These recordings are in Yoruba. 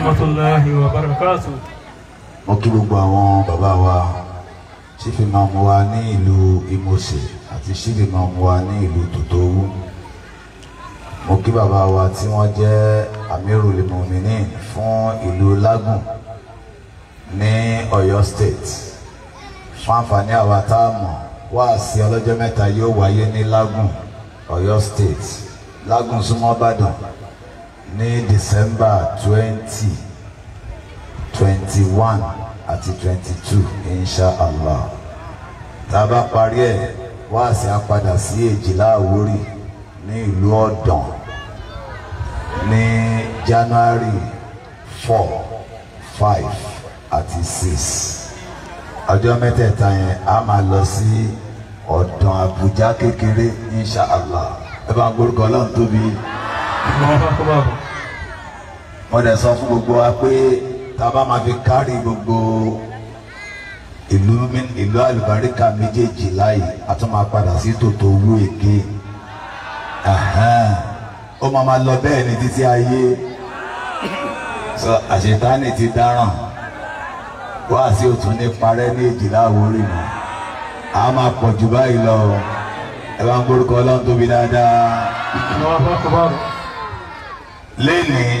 rahmatulahi wa barakatu. mo kí gbogbo àwọn bàbá wa sífì máa wa ní ìlú Ìmọ̀ọ́sì àti sífì máa mú wa ní ìlú Tòtòwú mo kí bàbá wa tí wọ́n jẹ́ amirul muminin fún ìlú Lágùn ní Ọ̀yọ́ state fún àǹfààní àwa tá a mọ̀ wáàsí ọlọ́jọ́ mẹ́ta yóò wáyé ní Lágùn Ọ̀yọ́ state Lagun súnmọ́ Ìbàdàn ní december twenty twenty one àti twenty two inshallah tá a bá parí ẹ̀ wáàsí á padà sí èjìlá àwórì ní ìlú ọ̀dàn ní january four five àti six ọjọ́ mẹ́tẹ̀ẹ̀ta yẹn a máa lọ sí ọ̀dàn àbújá kékeré inshallah ẹ bá ń gbórúkọ ọlọ́run tóbi wọ́n dẹ̀ sọ fún gbogbo wa pé tá a bá máa fi kárí gbogbo ìlú ìlú àlùbáríkà méjèèjì láyé a tún máa padà sí tòótọ́ owó èké ó máa máa lọ bẹ́ẹ̀ ní títí ayé sọ àṣetánì ti dáràn wá sí òtún ní parẹ́ ní èjìlá àwórì mọ́ a máa pọ̀ jù báyìí lọ ẹ bá ń gbórúkọ ọlọ́run tóbi dáadáa. lẹ́nìí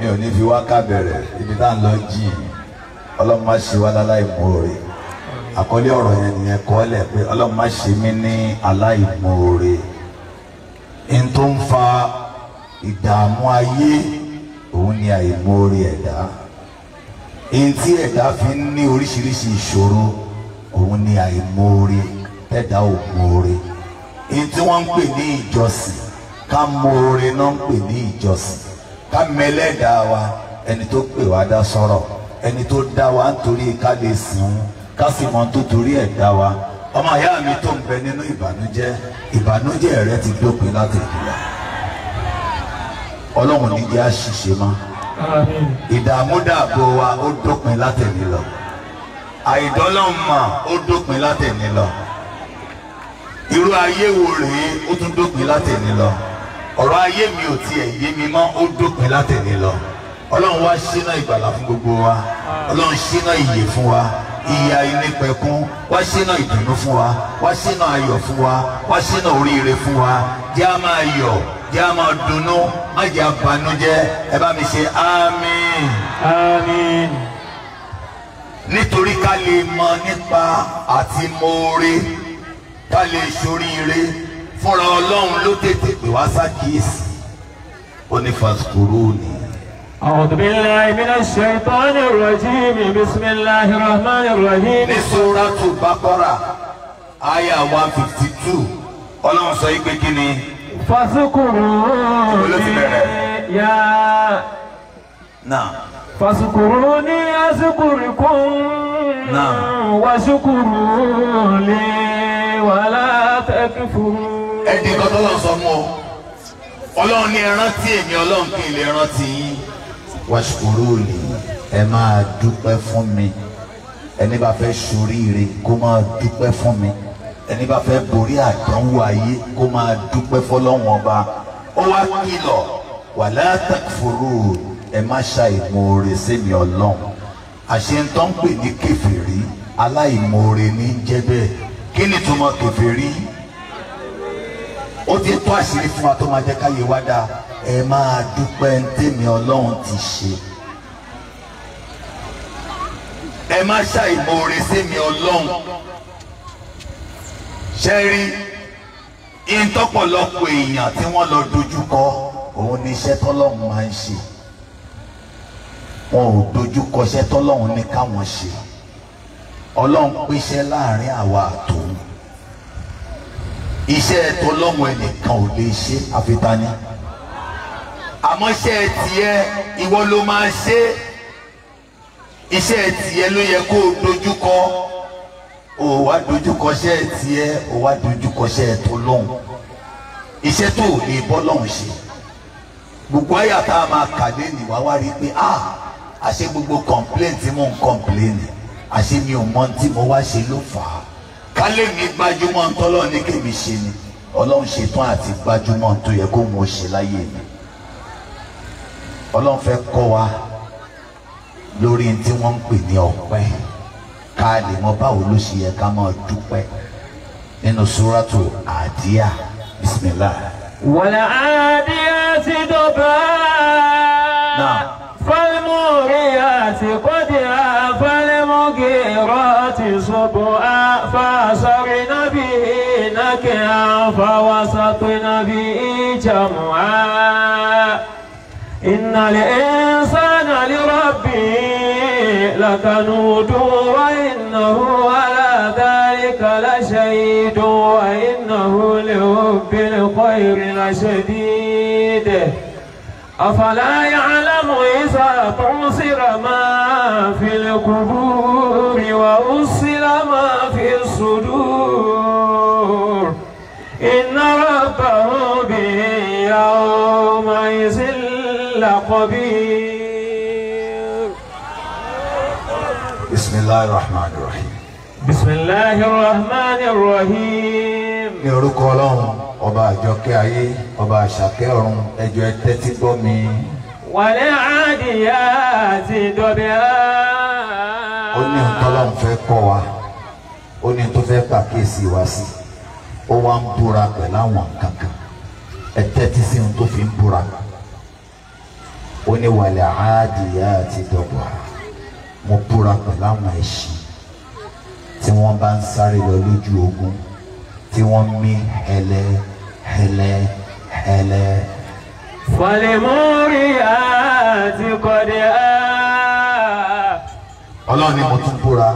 mi ò ní fi wákà bẹ̀rẹ̀ ibi tá à ń lọ jì í ọlọ́run má ṣe wá láláìmoore àkọlé ọ̀rọ̀ yẹn nìyẹn kọ́lẹ̀ pé ọlọ́run má ṣe mí ní aláìmoore n tó ń fa ìdààmú ayé òun ni àìmoore ẹ̀dá n tí ẹ̀dá fi ń ní oríṣiríṣi ìṣòro òun ni àìmoore tẹ̀dá ò moore n tí wọ́n ń pè ní ìjọsìn ká moore náà ń pè ní ìjọsìn ká mẹlẹ́dàá wa ẹni tó pè wá dá sọ̀rọ̀ ẹni tó dá wa nítorí ká lè sìn ká sì mọ tó torí ẹ̀ dá wa ọmọ ìyá mi tó ń bẹ nínú ìbànújẹ́ ìbànújẹ́ rẹ ti dópin láti ìdílé ọlọ́run ní jẹ́ àṣìṣe mọ́ ìdààmú dààbò wa ó dópin látẹ̀lé lọ àìdọ́lọ́mọ̀ ó dópin látẹ̀lé lọ irú ayé wo rèé ó tún dópin látẹ̀lé lọ ọ̀rọ̀ ayé mi ò tiẹ̀ yé mi mọ́ ó dópin látẹ̀lé lọ ọlọ́run wá ṣínà ìgbàlà fún gbogbo wa ọlọ́run ṣínà ìyè fún wa ìyà ìnípẹ̀kun wá ṣínà ìdùnnú fún wa wá ṣínà ayọ̀ fún wa wá ṣínà oríire fún wa jẹ́ á máa yọ̀ jẹ́ á máa dunnú má jẹ́ abanújẹ́ ẹ bá mi ṣe àmín. nítorí ká lè mọ̀ nípa àti mọ oore ká lè ṣoríire fúnra ọlọ́run ló tètè pè wá sákìísì ó ní fàṣukúrú ni. أعوذ بالله من الشيطان الرجيم بسم الله الرحمن الرحيم. ní Suratu Baqara àyà one fifty two ọlọ́run sọ yìí pé kí ni. fàṣukúrú ni yá. náà. fàṣukúrú ni aṣukúrikún. نعم وشكروا لي ولا تكفروا ẹ di nǹkan tọ́lọ́ sọ mọ́ ọlọ́run ní ẹrántí èmi ọlọ́run kì í lè rántí yín. wàṣukúrú ni ẹ máa dúpẹ́ fún mi ẹni bá fẹ́ ṣoríire kó máa dúpẹ́ fún mi ẹni bá fẹ́ borí àdánwò ayé kó máa dúpẹ́ fọlọ́wọ́n ọba ó wá kìlọ̀ wàlá takfuru ẹ má ṣàìmoore sẹ́mi ọlọ́run àṣetán pè ní kẹfìrí aláìmoore ní jẹ́ bẹ́ẹ̀ kí ni túmọ̀ kẹfìrí ó ti tó àṣírí fún wa tó máa jẹ́ káyé wá dáa ẹ máa dúpẹ́ ntẹ́mi ọlọ́run ti ṣe. ẹ má ṣàìmoore sẹ́mi ọlọ́run. ṣe rí ìtọ́pọ̀lọpọ̀ èèyàn tí wọ́n lọ dojúkọ òun ni iṣẹ́ tọ́lọ́run máa ń ṣe. wọn ò dojúkọ iṣẹ́ tọ́lọ́run ní káwọn ṣe. ọlọ́run pèsè láàrin àwa àtòun iṣẹ́ tọlọ́hun ẹnìkan ò lè ṣe àfitani àmọ́ iṣẹ́ tiẹ̀ ìwọ ló máa ṣe iṣẹ́ tiẹ̀ ló yẹ kó o dojúkọ o wá dojúkọ iṣẹ́ tiẹ̀ o wá dojúkọ iṣẹ́ tọlọ́hun iṣẹ́ tó o lè bọ́ lọ́hùn ṣe gbogbo àyà tá a máa kà lé nìwá wá rí i pé ah àṣé gbogbo complain tí mò ń complain àṣé mi ò mọ tí mo wá ṣe ló fà á kálẹ̀ mi gbajúmọ̀ tọ́lọ́ ní kèmí ṣe ni ọlọ́run ṣetán àti gbajúmọ̀ tó yẹ kó mo ṣe láyé mi ọlọ́run fẹ́ kọ́ wa lórí tí wọ́n ń pè ní ọpẹ́ ká lè mọ báwo ló ṣe yẹ ká máa dúpẹ́ nínú súrátù àdíyà bisimilá. wàlẹ̀ àdíyà ti dọ̀bà. náà. fọ́lmù rí àtìkọ́dì àbá. سبؤا فأسرن به به جمعا إن الإنسان لربه لكنود وإنه على ذلك لشهيد وإنه لرب الخير لشديد أفلا يعلم إذا تعصر ما في القبور وأصر لخبير بسم الله الرحمن الرحيم بسم الله الرحمن الرحيم ní orúkọ ọlọ́run ọba àjọkẹ́ ayé ọba àṣàkẹ́ ọ̀run ẹjọ́ ẹ tẹ́tí gbọ́ mi. wàlẹ́ àdìyà àti ìdọ̀bẹ̀ á. ó ní ntọ́lọ́run fẹ́ kọ́ wa ó ní tó fẹ́ pàkíyèsí ó ní wàlẹ̀ àádìyà àti dọ̀gba mo búra pẹ̀lú àwọn ẹṣin tí wọ́n bá ń sáré lọ lójú ogun tí wọ́n mí hẹlẹ hẹlẹ hẹlẹ. fọlẹ́múrí àti kọ́dẹ́ á. ọlọ́run ni mo tún búra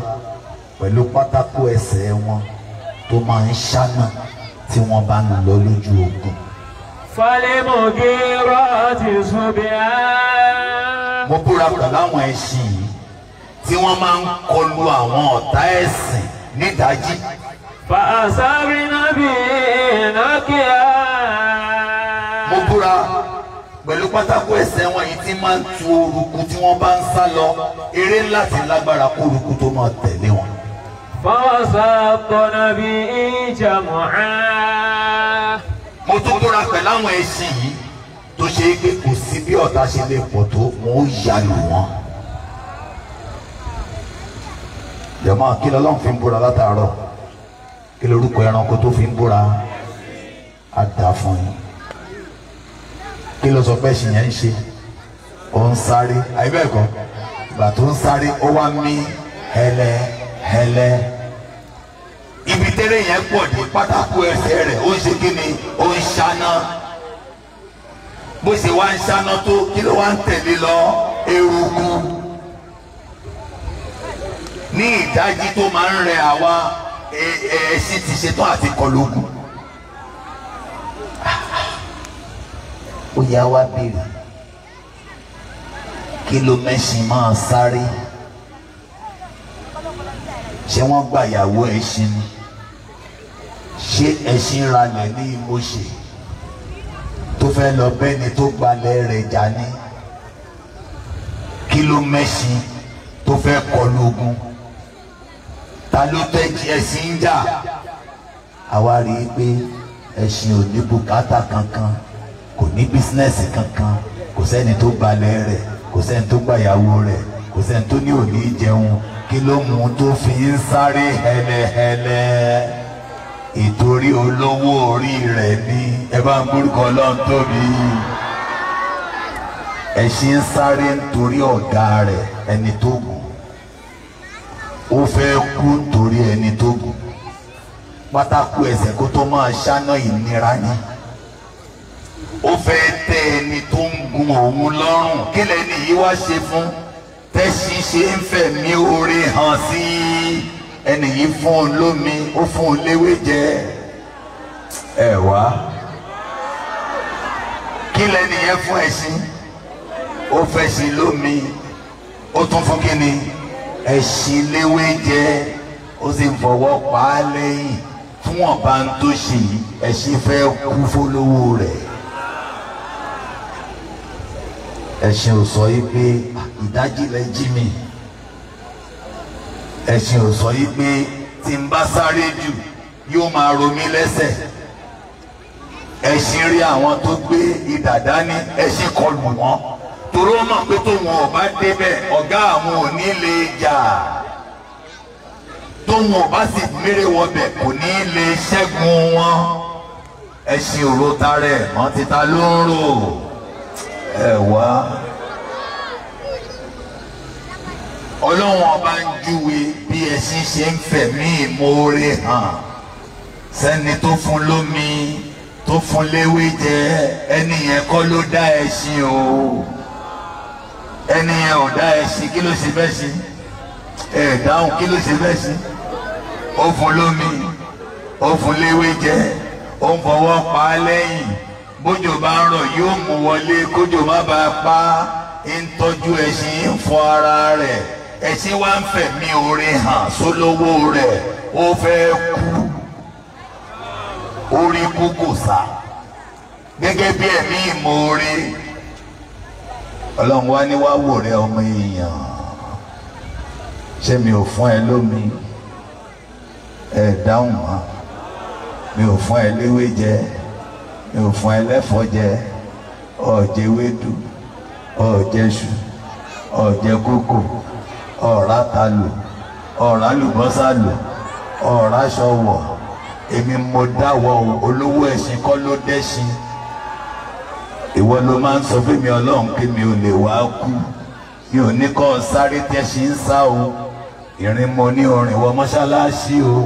pẹ̀lú pátákó ẹsẹ̀ wọn tó máa ń ṣáná tí wọ́n bá ń lọ lójú ogun falimogirati subiyan. mo búra pẹ̀lú àwọn ẹṣin yìí tí wọ́n máa ń kọlu àwọn ọ̀tá ẹ̀sìn nídàájí. fàṣàbí nàbí nọ́kìá. mo búra pẹ̀lú pátákó ẹsẹ̀ wọn yìí tí máa ń tu orúkú tí wọ́n bá ń sá lọ eré ńlá ti lágbára kó orúkú tó máa tẹ̀lé wọn. fọwọ́sà tọ́nà bí ìjà mọ̀ọ́ mo tún kóra pẹ̀lú àwọn ẹṣin yìí tó ṣe é pé kò sí bí ọ̀tá ṣe lè pọ̀ tó mo ń yalù wọn. jọ̀mọ́ kí lọ́lọ́run fi ń búra látàárọ̀ kí lorúkọ ẹranko tó fi ń búra á dà fún yín kí ló sọ pé ẹṣin yẹn ń ṣe ó ń sáré àyíbẹ̀ kan ìgbà tó ń sáré ó wá mí hẹlẹ hẹlẹ ibi tẹ́lẹ̀ yẹn pọ̀ ní pátákó ẹsẹ̀ rẹ̀ ó ń ṣe kí ni ó ń ṣáná bó ṣe wá ń ṣáná tó kí ló wá ń tẹ̀lé lọ eruku ní ìdájí tó máa ń rẹ àwa ẹ̀ẹ́sì ti ṣetán àti kọlógun ó yá wá béèrè kí ló mẹ́sìn máa sáré ṣé wọ́n gbàyàwó ẹṣin ni ṣé ẹṣin ralẹ̀ ní Ìmọ̀ṣẹ́ tó fẹ́ lọ bẹ́ni tó gbalẹ̀ rẹ̀ jà ní kí ló mẹ́ṣin tó fẹ́ kọlu ogun ta ló tẹ́ ẹṣin jà àwa rí i pé ẹṣin ò ní bùkátà kankan kò ní bísínẹ́sì kankan kò sẹ́ni tó gbalẹ̀ rẹ̀ kò sẹ́ni tó gbàyàwó rẹ̀ kò sẹ́ni tó ní òní jẹun kí ló mú tó fi ń sáré hẹlẹhẹlẹ ìtorí olówó orí rẹ̀ ní ẹ bá ń gbórúkọ ọlọ́run tóbi ẹṣin ń sáré nítorí ọ̀gá rẹ̀ ẹni tó gùn ó fẹ́ kú nítorí ẹni tó gùn pátákó ẹsẹ̀ kó tó máa ṣáná ìnira ni ó fẹ́ tẹ ẹni tó ń gun òun lọ́rùn kí lẹni yìí wá ṣe fún tẹ́sí ṣe ń fẹ̀mí oore hàn sí i ẹnì yìí fún un lómi ó fún un léwé jẹ ẹ wá kí lẹni yẹn fún ẹṣin ó fẹṣin lómi ó tún fún kíni ẹṣin léwé jẹ ó sì fọwọ́ pa á lẹ́yìn fún ọba tó ṣe yìí ẹṣin fẹ́ kú fólówó rẹ̀ ẹṣin ò sọ yìí pé ìdájí lẹ jí mi ẹ̀sìn ò sọ yìí pé tí n bá sáré jù yóò máa ro mí lẹ́sẹ̀ ẹ̀sìn rí àwọn tó gbé idà dání ẹ̀sìn kọlù wọn torí ó mọ̀ pé tóun ọba débẹ̀ ọ̀gá àwọn ò lè jà tóun ọba sì mérè wọbẹ̀ kò ní lè ṣẹ́gun wọn ẹ̀sìn òró tarẹ̀ mọ́ títa ló ń rò ẹ̀ wá. ọlọ́run ọba ń júwe bí ẹṣin ṣe ń fẹ̀mí ìmoore hàn sẹ́ni tó fún lómi tó fún léwé jẹ ẹni yẹn kọ́ ló dá ẹṣin o ẹni yẹn ò dá ẹṣin kí ló ṣe bẹ́ẹ̀ ṣe ẹ̀ dáhùn kí ló ṣe bẹ́ẹ̀ ṣe ó fún lómi ó fún léwé jẹ ó ń fọwọ́ pa á lẹ́yìn bójò bá ń rọ̀ yóò mú wọlé kójò má bàa pa á ń tọ́jú ẹṣin fún ara rẹ̀ ẹ̀sìn wa ń fẹ̀mí oore hàn sólówó rẹ̀ ó fẹ́ kú orí kú kò sá gẹ́gẹ́ bí ẹ̀mí ìmoore ọlọ́run wá ní wá wò rẹ ọmọ èèyàn ṣé mi ò fún ẹ lómi ẹ dáhùn mọ́ mi ò fún ẹ léwé jẹ mi ò fún ẹ lẹ́fọ́ jẹ ọ̀jẹ̀wédú ọ̀jẹ̀ṣu ọ̀jẹ̀kókò ọ̀rá ta lò ọ̀rá lùbọ́sà lò ọ̀rá ṣọwọ̀ èmi mo dáwọ́ olówó ẹ̀sìn kọ́ ló dẹ́sìn ìwọ ló máa ń sọ fún mi ọlọ́run kí mi ò lè wá kú mi ò ní kọ́ sáré tẹ́sí ń sá o ìrìn mo ní orin wọ mọ́ṣáláṣí o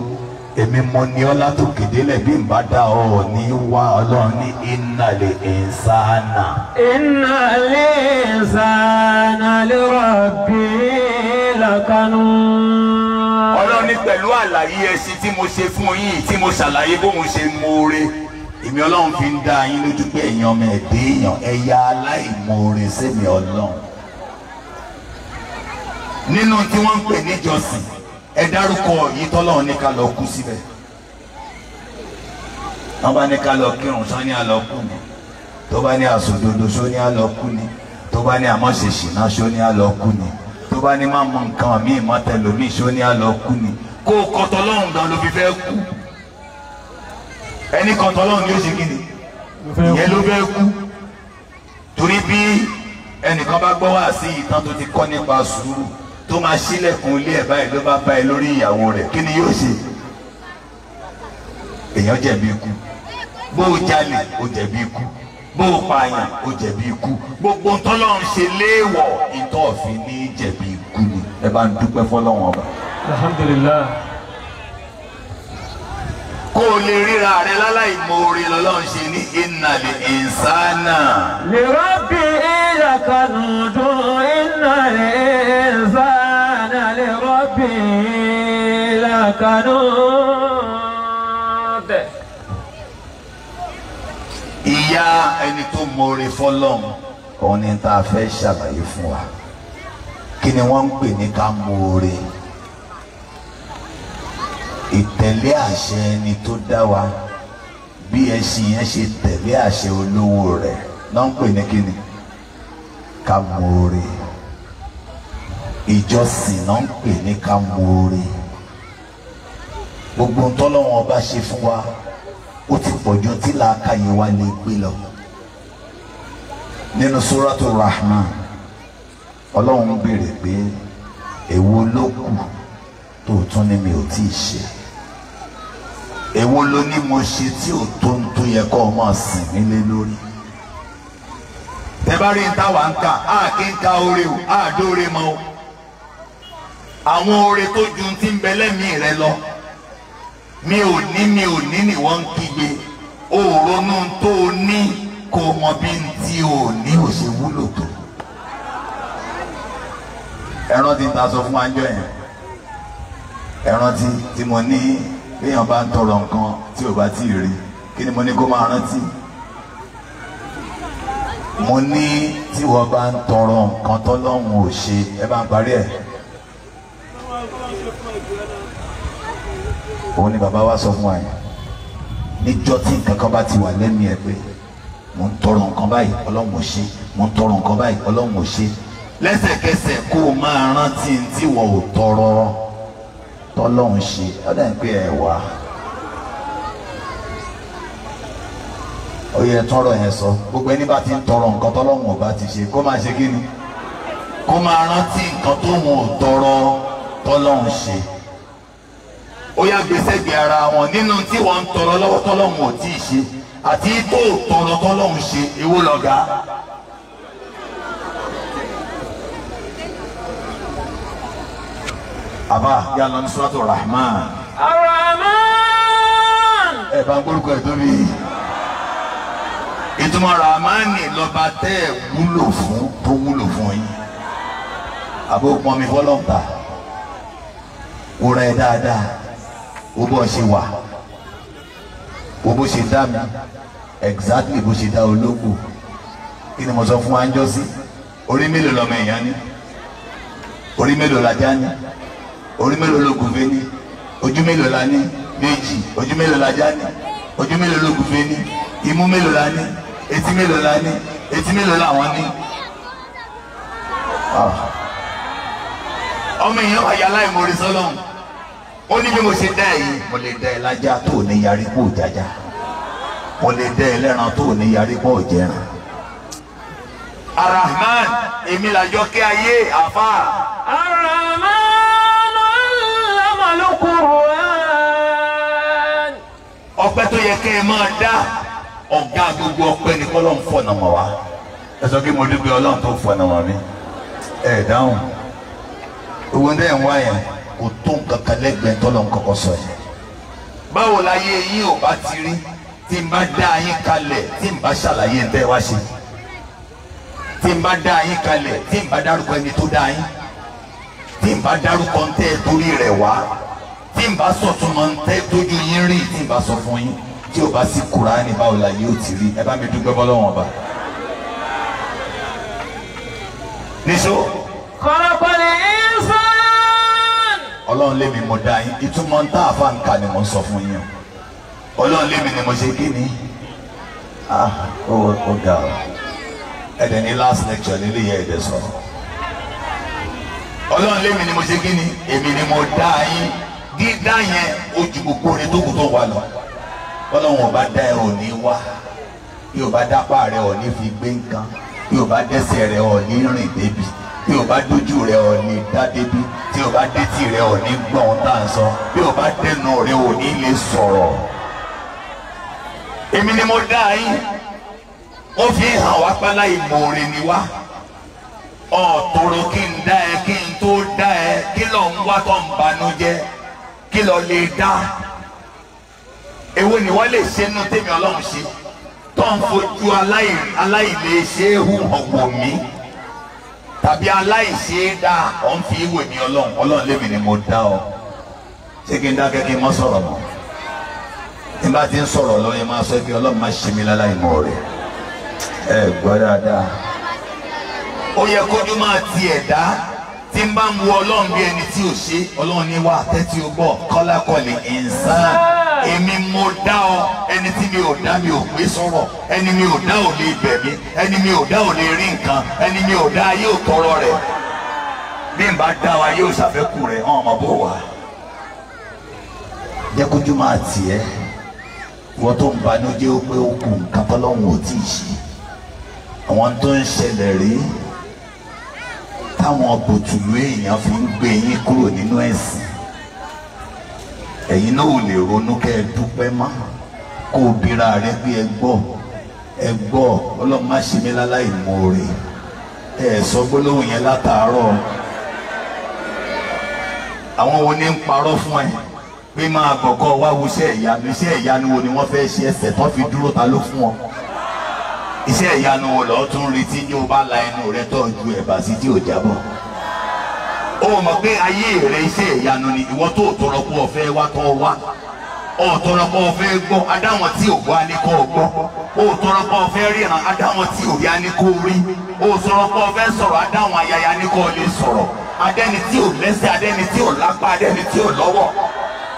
èmi mo ní ọlá tó kèdélẹ̀ bí n bá dá ọ ní wá ọlọ́run ní ìnàlẹ̀ ìnsánà. ìnàlẹ̀ ìnsánà lè rọ̀ bíi kanu. ọlọ́run ní pẹ̀lú àlàyé ẹ̀sìn tí mo ṣe fún yín tí mo ṣàlàyé bóun ṣe moore èmi ọlọ́run fi ń dá yín lójú pé ẹ̀yin ọmọ ẹ̀dẹ́ èèyàn ẹ̀yà aláìmoore sẹ́mi ọlọ́run. nínú tí wọ́n ń pè níjọsìn ẹ dárúkọ yìí tọ́lọ́run ní ká lọ kú síbẹ̀. wọ́n bá ní ká lọ kírun sọ ní àlọ́kù ni tó bá ní àsòdodo sọ ní àlọ́kù ni tó bá ní àmọ́ṣeṣì náà sọ ní àlọ́kù ni tó bá ní má mọ nǹkan mi má tẹlomi ìṣó ní àlọ́ kú ni kó o kọ́ tọ́lọ́hún gan ló fi fẹ́ kú ẹni kan tọ́lọ́hún ni ó ṣe kí ni ìyẹn ló fẹ́ kú torí bí ẹnìkan bá gbọ́ wá sí ìtàn tó ti kọ́ nípa sùúrù tó máa ṣílẹ̀kùn ilé ẹ̀ báyìí ló bá bá ẹ lórí ìyàwó rẹ̀ kí ni yóò ṣe èèyàn jẹ̀bi ikú bó o jalè o jẹ̀bi ikú bó o pààyàn o jẹ̀bi ikú gbogbo tọ́lọ́run ṣe léèwọ̀ ìtọ́ òfin ní jẹ̀bi ikú ni ẹ bá ń dúpẹ́ fọlọ́run ọba. alhamdulilayi. kó o lè ríra rẹ láláì moore lọ́lọ́run ṣe ní ìnàlẹ̀ ìnsánà. lè rọ́bì ìyàkànnù dùn ìnàlẹ̀ ìnsánà lè rọ́bì ìyàkànnù. yá ẹni tó mọre fọlọ́run òun ni tá a fẹ́ ṣàlàyé fún wa kí ni wọ́n ń pè ní ká mọre ìtẹ̀lé àṣẹ ẹni tó dá wa bí ẹṣin yẹn ṣe tẹ̀lé àṣẹ olówó rẹ̀ náà ń pè ní kí ni ká mọre ìjọsìn náà ń pè ní ká mọre gbogbo ntọ́lọ́wọ́n ọba ṣe fún wa ó ti pọ̀jọ́ tí làákàyè wa lè gbé lọ nínú suratu rahman ọlọ́run béèrè pé èwo ló kù tó tún ní mi ò tí ì ṣe èwo ló ní mo ṣe tí ò tó ń tó yẹ kó o máa sìn mí lé lórí tẹ́bárí ń táwa ń kà á kí ń ka oore o á dóore mọ́ o àwọn oore tó ju ti ń bẹ lẹ́mìí rẹ lọ mi ò ní mi ò ní ni wọ́n ń kígbe o ronú tó o ní kó o mọ bí n tí o ní ò ṣe wúlò tó. ẹran ti ta sọ fún wa jọ yẹn ẹran ti tí mo ní béèyàn bá ń tọrọ nǹkan tí ò bá tí rí kí ni mo ní kó máa rántí mo ní tí wọ́n bá ń tọrọ nǹkan tọ́lọ́hún ò ṣe ẹ bá ń parí ẹ̀. òun ni bàbá wa sọ fún wa yẹn níjọ́ tí nǹkan kan bá ti wà lẹ́nu ẹ̀ pé mò ń tọrọ nǹkan báyìí ọlọ́run ò ṣe mò ń tọrọ nǹkan báyìí ọlọ́run ò ṣe lẹ́sẹ̀kẹsẹ̀ kó o máa rántí tí wọ́n ò tọrọ tọ́lọ́run ṣe ọ̀dà ń pè ẹ̀ wá. ó tọrọ yẹn sọ gbogbo ẹni bá ti ń tọrọ nǹkan tọ́lọ́run ò bá ti ṣe kó máa ṣe kí ni kó máa rántí nǹkan tó wọn ò tọrọ tọ́lọ́run ṣe ó yá gbèsègbè ara wọn nínú tí wọ́n ń tọrọ lọ́wọ́ tọ́lọ́hún ò tí ì ṣe àti tó tọrọ tọ́lọ́hún ṣe èwo lọ́gà. àbá yàrá ní sọ́tò rahman. rahman. ẹ bá ń gbórúkọ ẹ tóbi ìtumọ̀ ramani lọ́ba tẹ́ ẹ̀ wúlò fún tó wúlò fún yín àbó pọnmi fọlọ́ǹta wúra ẹ dáadáa wo bó ṣe wà wo bó ṣe dá mi exactly bó ṣe dá olóko kí ni mo sọ fún wa ń jọ sí orí mélòó lọmọ èèyàn ní orí mélòó lajá ní orí mélòó lógùnfé ní ojú mélòó la ní méjì ojú mélòó lajá ní ojú mélòó lógùnfé ní imú mélòó la ni, etí mélòó la ní etí mélòó làwọn ní. Ah. ọmọ èèyàn wà yà láì ó ní bí mo ṣe dá yìí mo lè dá ẹ lájà tó ní yarí kó jájá mo lè dá ẹ lẹ́ran tó ní yarí kó jẹran. arahman èmi làjọ kí ayé àfa. arahman alamalukuru. ọpẹ́ tó yẹ kẹ́ ẹ máa dá ọ̀gá gbogbo ọpẹ́ ni kọlọ ń fọnà mọ wa ẹ sọ pé mo dúpẹ́ Ọlọ́run tó fọnà mọ mi ẹ dáhùn owó ndé ń wá yẹn kò tó kankan lẹ́gbẹ̀ẹ́ tọ́lọ̀ nkankan sọ yẹn. báwo la yé yín ò bá ti rí tí n bá dá yín kalẹ̀ tí n bá ṣàlàyé ntẹ́ wá ṣe tí n bá dá yín kalẹ̀ tí n bá dárúkọ ẹni tó dá yín tí n bá dárúkọ ntẹ́ torí rẹ̀ wá tí n bá sọ̀túnmọ̀ ntẹ́ tójú yín rí tí n bá sọ fún yín tí o bá sí Kùránì báwo la yóò ti rí ẹ bá mi dúpẹ́ bọ́ lọ́wọ́n ọba. níṣó. kọ́lọ́kọ́lọ́ ẹ̀ ń sọ́ọ́ ọlọ́run lé mi mo dá yín ìtumọ̀ ń tá àfa nǹka ni mo sọ fún yín ọlọ́run lé mi ni mo ṣe kí ni ah ó ó ga ọ ẹ̀dẹ̀ ní last lecture nílé yẹ ẹ̀dẹ̀ sọ̀rọ̀ ọlọ́run lé mi ni mo ṣe kí ni èmi ni mo dá yín dídá yẹn ojú gbogbo rẹ tó kù tó wà lọ ọlọ́run ọba dá ẹ òní wá bí o bá dápá rẹ òní fi gbé nǹkan bí o bá dẹ́sẹ̀ rẹ òní rìn débi bí o bá dójú rẹ ò ní dádébí tí o bá détí rẹ ò ní gbọ́ ohun tá à ń sọ bí o bá dẹnu rẹ ò ní lè sọ̀rọ̀. èmi ni mo dá yín ó fi hàn wá pálá ìmoore ni wá ọ̀tọ̀rọ̀ kí n dá ẹ kí n tó dá ẹ kí lọ ń wá tó ń banújẹ́ kí lọ lè dá èwo ni wọ́n lè ṣe nú tèmi ọlọ́run ṣe tó ń fojú aláìlè ṣe é hù ọ̀pọ̀ mi tàbí aláìsí dá ọ̀ ń fi ìwé ní ọlọ́run ọlọ́run lémi ni mo dá ọ ṣé kí n dákẹ́ kí n mọ́ sọ̀rọ̀ mọ́ tí n bá ti ń sọ̀rọ̀ lọ́yìn máa sọ pé ọlọ́run máa ṣe mí láláì mọ́ rẹ̀ ẹ gbọ́ dáadáa ó yẹ kójú máa ti ẹ̀dá tí n bá ń wo ọlọ́run bí ẹni tí ò ṣe ọlọ́run ní wà tẹ́tí o gbọ́ kọ́lákọ́lì ìǹsán èmi mo dá ọ ẹni tí mi ò dá mi ò pé sọ̀rọ̀ ẹni mi ò dá ò lè bẹ̀ mí ẹni mi ò dá ò lè rí nǹkan ẹni mi ò dá ayé ò tọrọ rẹ̀ bí n bá dá wa yóò ṣàfẹ́kù rẹ̀ hàn ọmọ bò wá. jẹ́ kójú máa tì ẹ́ wọ́n tó ń banújẹ́ ó pé ó kù nǹkan tọ́lọ́hún ò tí ì ṣe àwọn tó ń ṣẹlẹ̀ rí táwọn bòtùlù èèyàn fi ń gbé yín kúrò nínú ẹ̀sìn ẹ̀yin náà ò lè ronú kẹ́ ẹ dúpẹ́ mọ́ kó o bira rẹ pé ẹ gbọ́ ẹ gbọ́ ọlọ́run má ṣe mí láláì moore ẹ sọ gbólóhùn yẹn látàárọ̀ àwọn wo ni ń parọ́ fún ẹ pé máa kọ̀kọ́ wá wo iṣẹ́ ìyanu iṣẹ́ ìyanu wo ni wọ́n fẹ́ ṣe ẹsẹ̀ tó fi dúró ta ló fún ọ iṣẹ́ ìyanu wo lọ́ọ́ tún retí ní o bá la ẹnu rẹ tó ju ẹ̀bà sí tí ò jábọ̀ o mọ̀ pé ayé rẹ iṣẹ́ ìyanu ni ìwọ tó tọrọpọ̀ ọ̀fẹ́ wa tọ́ wa ọ̀tọ̀rọ̀pọ̀ ọ̀fẹ́ gbọ́ adáwọn tí ò gbọ́ aníkọ́ gbọ́ ọ̀tọ̀rọ̀pọ̀ ọ̀fẹ́ ríran adáwọn tí ò rí aníkọ́ rí ọ̀tọ̀rọ̀pọ̀ ọ̀fẹ́ sọ̀rọ̀ adáwọn ayaya aníkọ́ lè sọ̀rọ̀ adẹ́ni tí ò lẹ́sẹ̀ adẹ́ni tí ò lápá adẹ́ni tí ò lọ́wọ́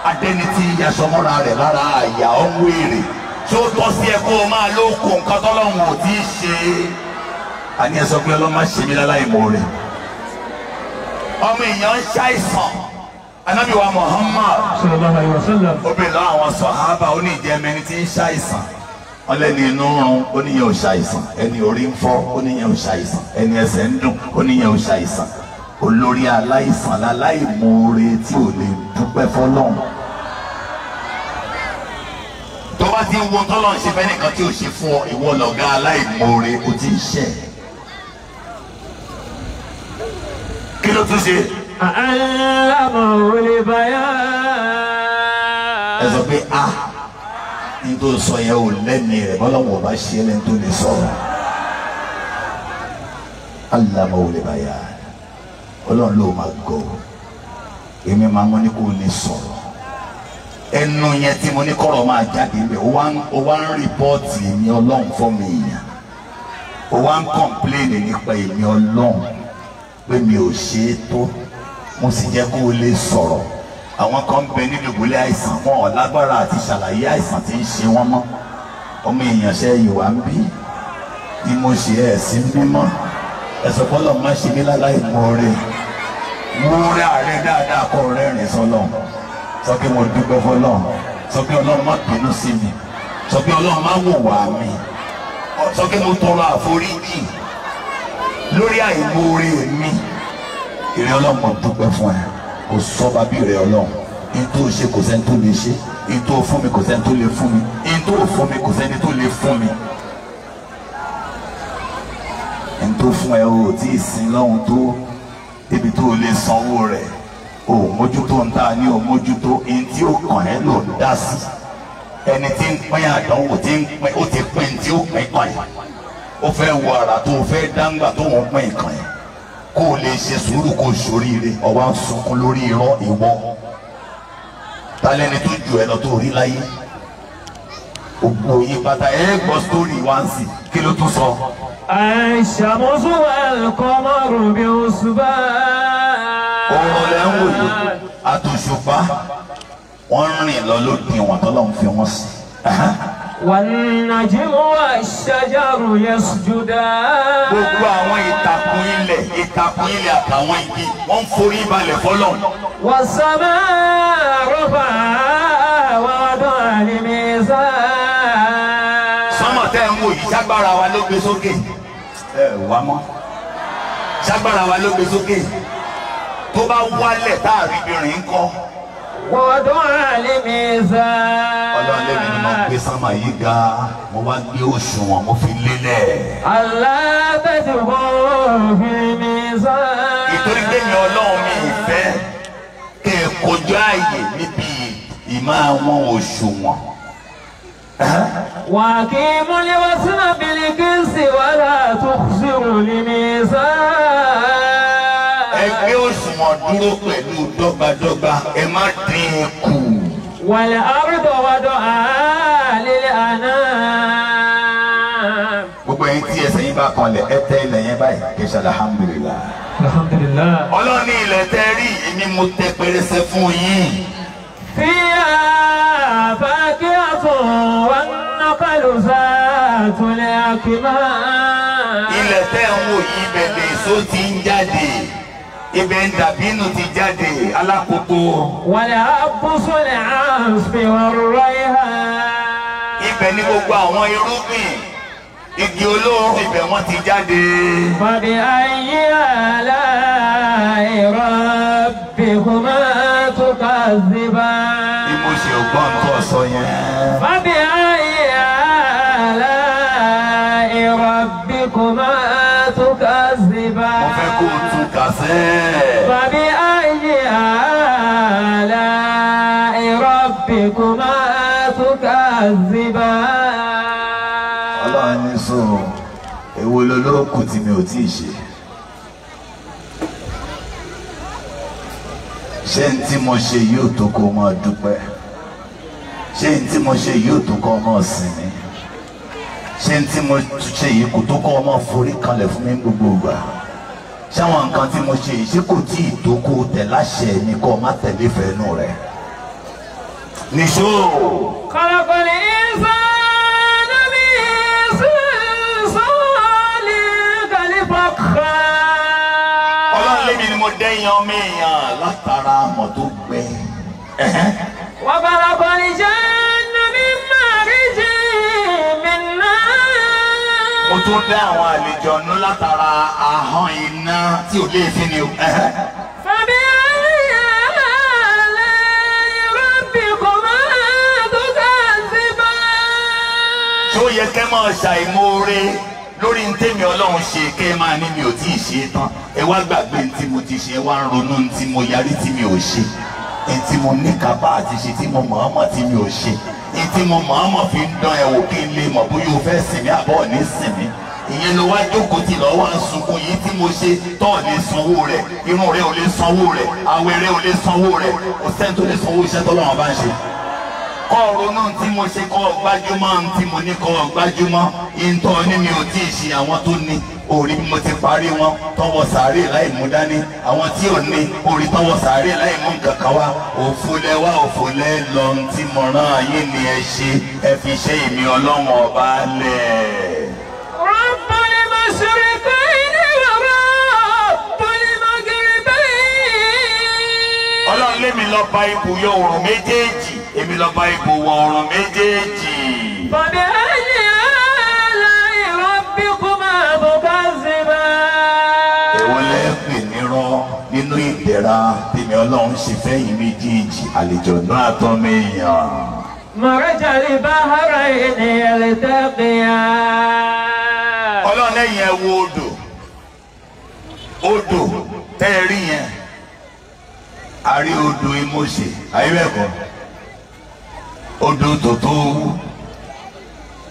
adẹ́ni tí yasọmọ́ra rẹ̀ lára àyà ọ̀hún èrè tí ó tọ́ sí ẹ kó o máa ló kó ò tí ì ọmọ èèyàn ń ṣàìsàn anabi muhammad sallallahu alayhi wa sallam obìnrin lọ àwọn sọhábà ó ní ìjẹmẹ ẹni tí ń ṣàìsàn ọlẹ́ni inú rún ó níyẹn ò ṣàìsàn ẹni orí ń fọ́ ó níyẹn ò ṣàìsàn ẹni ẹsẹ̀ ń dùn ó níyẹn ò ṣàìsàn olórí aláìsàn láláìmoore tí ò lè dúpẹ́ fọlọ́run tó bá ti wo tọ́lọ́ ń ṣe fẹ́ nìkan tí ò ṣe fún ọ ìwọ lọ̀gá aláìmoore ó ti ń ṣẹ̀. ló tún ṣe. alámọ̀ ẹ sọ pé a ah, nítorí sọ yẹn ò lẹ́nu rẹ̀ bọ́lọ́wọ́ bá ṣe é lẹ́nu tó lè sọ̀rọ̀ alámọ̀ olè báyà ọlọ́run ló máa gọ̀ èmi máa mọ́ ní kó lè sọ̀rọ̀ ẹnu yẹn tí mo ní kọ́rọ̀ máa jáde ń bẹ̀ ó wá ń rìpọ́ọ̀tì èmi ọlọ́run fún mi yàn ó wá ń kọ̀ǹpléènì nípa èmi ọlọ́run pé mi ò ṣe é tó mo sì jẹ́ kó o lè sọ̀rọ̀ àwọn kan ń bẹ nínú ìgbélé àìsàn wọn ò lágbára àti ṣàlàyé àìsàn tí ń ṣe wọ́n mọ́ ọmọ èèyàn ṣe ìwà ń bí ni mo ṣe ẹ̀ sí mímọ́ ẹ̀sọ́ pọ́lọ́ má ṣe mí láláì mọ́ọ́rẹ́ wúrẹ́ ààrẹ dáadáa kọ́ rẹ́rìn sọ́lọ́ sọ pé mo dúpẹ́ fọ́lọ́ sọ pé ọlọ́run má bínú sí mi sọ pé ọlọ́run má wò wá mi sọ pé mo tọrọ àforíjì lórí àìmoore mi ìrẹ́ ọlọ́mọ dúpẹ́ fún ẹ kò sọ́ba bí ìrẹ́ ọlọ́run ìtò ṣe kò sẹ́ni tó lè ṣe ìtò fún mi kò sẹ́ni tó lè fún mi ìtò fún mi kò sẹ́ni tó lè fún mi. ẹni tó fún ẹ o tí ì sin lọ́hùn tó ibi tó lè sanwó rẹ̀ o mójútó ń tà ní o mójútó ẹni tí ó kàn ẹ́ ló dá sí ẹni tí ń pín àdánwò tí ń pín ó ti pín tí ó pín kàn yìí ó fẹ́ wọ ara tó fẹ́ dáńgbà tó ń pín nǹkan yẹn kó o lè ṣe sùúrù kó o ṣoríire ọba ń sunkún lórí irọ́ ìwọ talẹ́ni tó jù ẹ tó rí láyé gbogbo yìí ẹ gbọ́ sórí wáǹsì kí ló tún sọ. àìṣàmúsù ẹ̀kọ́mọ́rù bí oṣù bá. oorun lẹ ń wò yìí àtòṣùpá wọ́n rìn lọ lóde ìwọ̀n tọ́lọ́ ń fi wọ́n sí. والنجم والشجر يسجدان. gbogbo àwọn ìtàkùn ilẹ̀ ìtàkùn ilẹ̀ àtàwọn igi wọ́n ń forí balẹ̀ fọlọ́. wàsàmà rọ́bà wàdọ̀ àlìmísà. sọ́mọ̀ tẹ́ ń wò yìí ságbára wa ló gbé sókè ẹ wá mọ́ ságbára wa ló gbé sókè tó bá wálẹ̀ tá a rí ibi rìn kọ́ wọ́dọ̀ àlẹ́mí zá. ọlọ́lẹ́mí ni mo gbé sámà yìí ga mo wá gbé òṣùwọ̀n mo fi lélẹ̀. alábẹ́sẹ̀ òfin mi zá. ìtorí pé mi ọlọ́run mi ìfẹ́ kẹ́ ẹ̀ àyè níbi ìmọ̀ àwọn òṣùwọ̀n. وأقيموا الوزن بالقسط ولا تخسروا الميزان wọn dúró pẹ̀lú dọ́gbadọ́gba ẹ má dín in kù. wàlẹ̀ àrùdọ̀ wàdọ̀ àlẹ́lẹ̀ àná. gbogbo yín tí ẹsẹ̀ yín bá kanlẹ̀ ẹ tẹ ilẹ̀ yẹn báyìí kì í ṣe alhamdulillah. alhamdulillah. ọlọ́ni ilẹ̀ tẹ́ rí èmi mo tẹ pẹrẹsẹ fún yín. fíyà fàákì àtún wọn nọkàlù sàtúnlẹ̀ àkìmá. ilẹ̀ tẹ́ ń wò yí bẹ̀bẹ̀ èso ti ń jáde ibẹ̀ ń dàbínú ti jáde alákòókò. wàlẹ̀ àbúsọ̀lẹ̀ àǹfẹ̀ ọ̀rọ̀ ìhà. ibẹ̀ ni gbogbo àwọn irúgbìn igi olóòórùn ibẹ̀ wọ́n ti jáde. fàbí ayé àlá ìrọ̀ bìkúmọ́ tó kà sí bí mo ṣe gbọ́ nǹkan sọ yẹn. fàbí ayé. فبأي آلاء ربكما تكذبان ọlọ́run ní sùn èwo lolókùn tí mi ò tí ì ṣe ṣé n tí mo ṣe yóò tó kó máa dúpẹ́ ṣé n tí mo ṣe yóò tó kó máa sinmi ṣé n tí mo ṣe yìí kò tó kó máa forí kanlẹ̀ fún mi gbogbo ìgbà ṣáwọn nǹkan tí mo ṣe ṣé kò tí ì tó kó láṣẹ mi kọ́ má tẹ̀lé fẹ́nu rẹ̀. nìṣó. kọ̀lọ̀kọ̀lọ̀ ìfẹ́ níbi sísọ́ọ̀lì kàlífọ̀kà. látara àmọ̀ gbẹ. wọ́n bá ra bọ́ọ̀lì jẹ́. tún dá àwọn àlejò nù látara ahọ́n iná tí ò lè fi ni o. tó yẹ kẹ́ máa ṣàìmoore lórí ntẹ́mi ọlọ́run ṣe kẹ́ máa ní mi ò tí ì ṣe é tán ẹ wá gbàgbé ntí mo ti ṣe wá ń ronú ntí mo yarí tí mi ò ṣe ntí mo níkàápá àti ṣe tí mo mọ̀ọ́mọ̀ tí mi ò ṣe tí mo mọ̀ọ́mọ̀ fi ń dán ẹ wò kí n lè mọ̀ bóyá o fẹ́ sìn mí àbọ̀ ní sìn mí ìyẹn ló wá jókòó tì lọ́wọ́ ń sunkún yìí tí mo ṣe tó ò lè sanwó rẹ̀ irun rẹ̀ ò lè sanwó rẹ̀ àwẹ̀ rẹ̀ ò lè sanwó rẹ̀ kò sẹ́ni lè sanwó iṣẹ́ tó bá ń ṣe kọ́ ronú tí mo ṣe kọ́ gbájúmọ́ tí mo ní kọ́ gbájúmọ́ ìntọ́ ni mi ò tí ì ṣe àwọn tó ní orí mo ti parí wọn tọwọ́ sàárè láì mú dání àwọn tí ò ní orí tọwọ́ sàárè láì mú nǹkan kan wá òfúlẹ wá òfúlẹ lọ tí mo rán ayé ni ẹ ṣe ẹ fi ṣe ìmí ọlọ́run ọba lẹ̀. Rabbul mashriqayn wa Rabbul maghribayn. ipò yọ òrùn méjèèjì èmi lọ bá ipò wọ ọ̀run méjèèjì. bọ̀dé ẹni àlá ìrọ́bí kú máa bò ká sí ma. èwo lẹ́ẹ̀pẹ̀ nírọ́ nínú ìdẹ̀ra tèmi ọlọ́run ṣe fẹ́yìn méjèèjì àlejò náà tán mi yàn. mọ̀rẹ́jà lè bá ara ènìyàn lè tẹ́pẹ̀yà. ọlọ́run lẹ́yìn ẹ wo odò odò tẹ́ ẹ rí yẹn a rí odò Ìmọ̀ṣẹ́ àyẹ̀wẹ̀ kan odò tòtó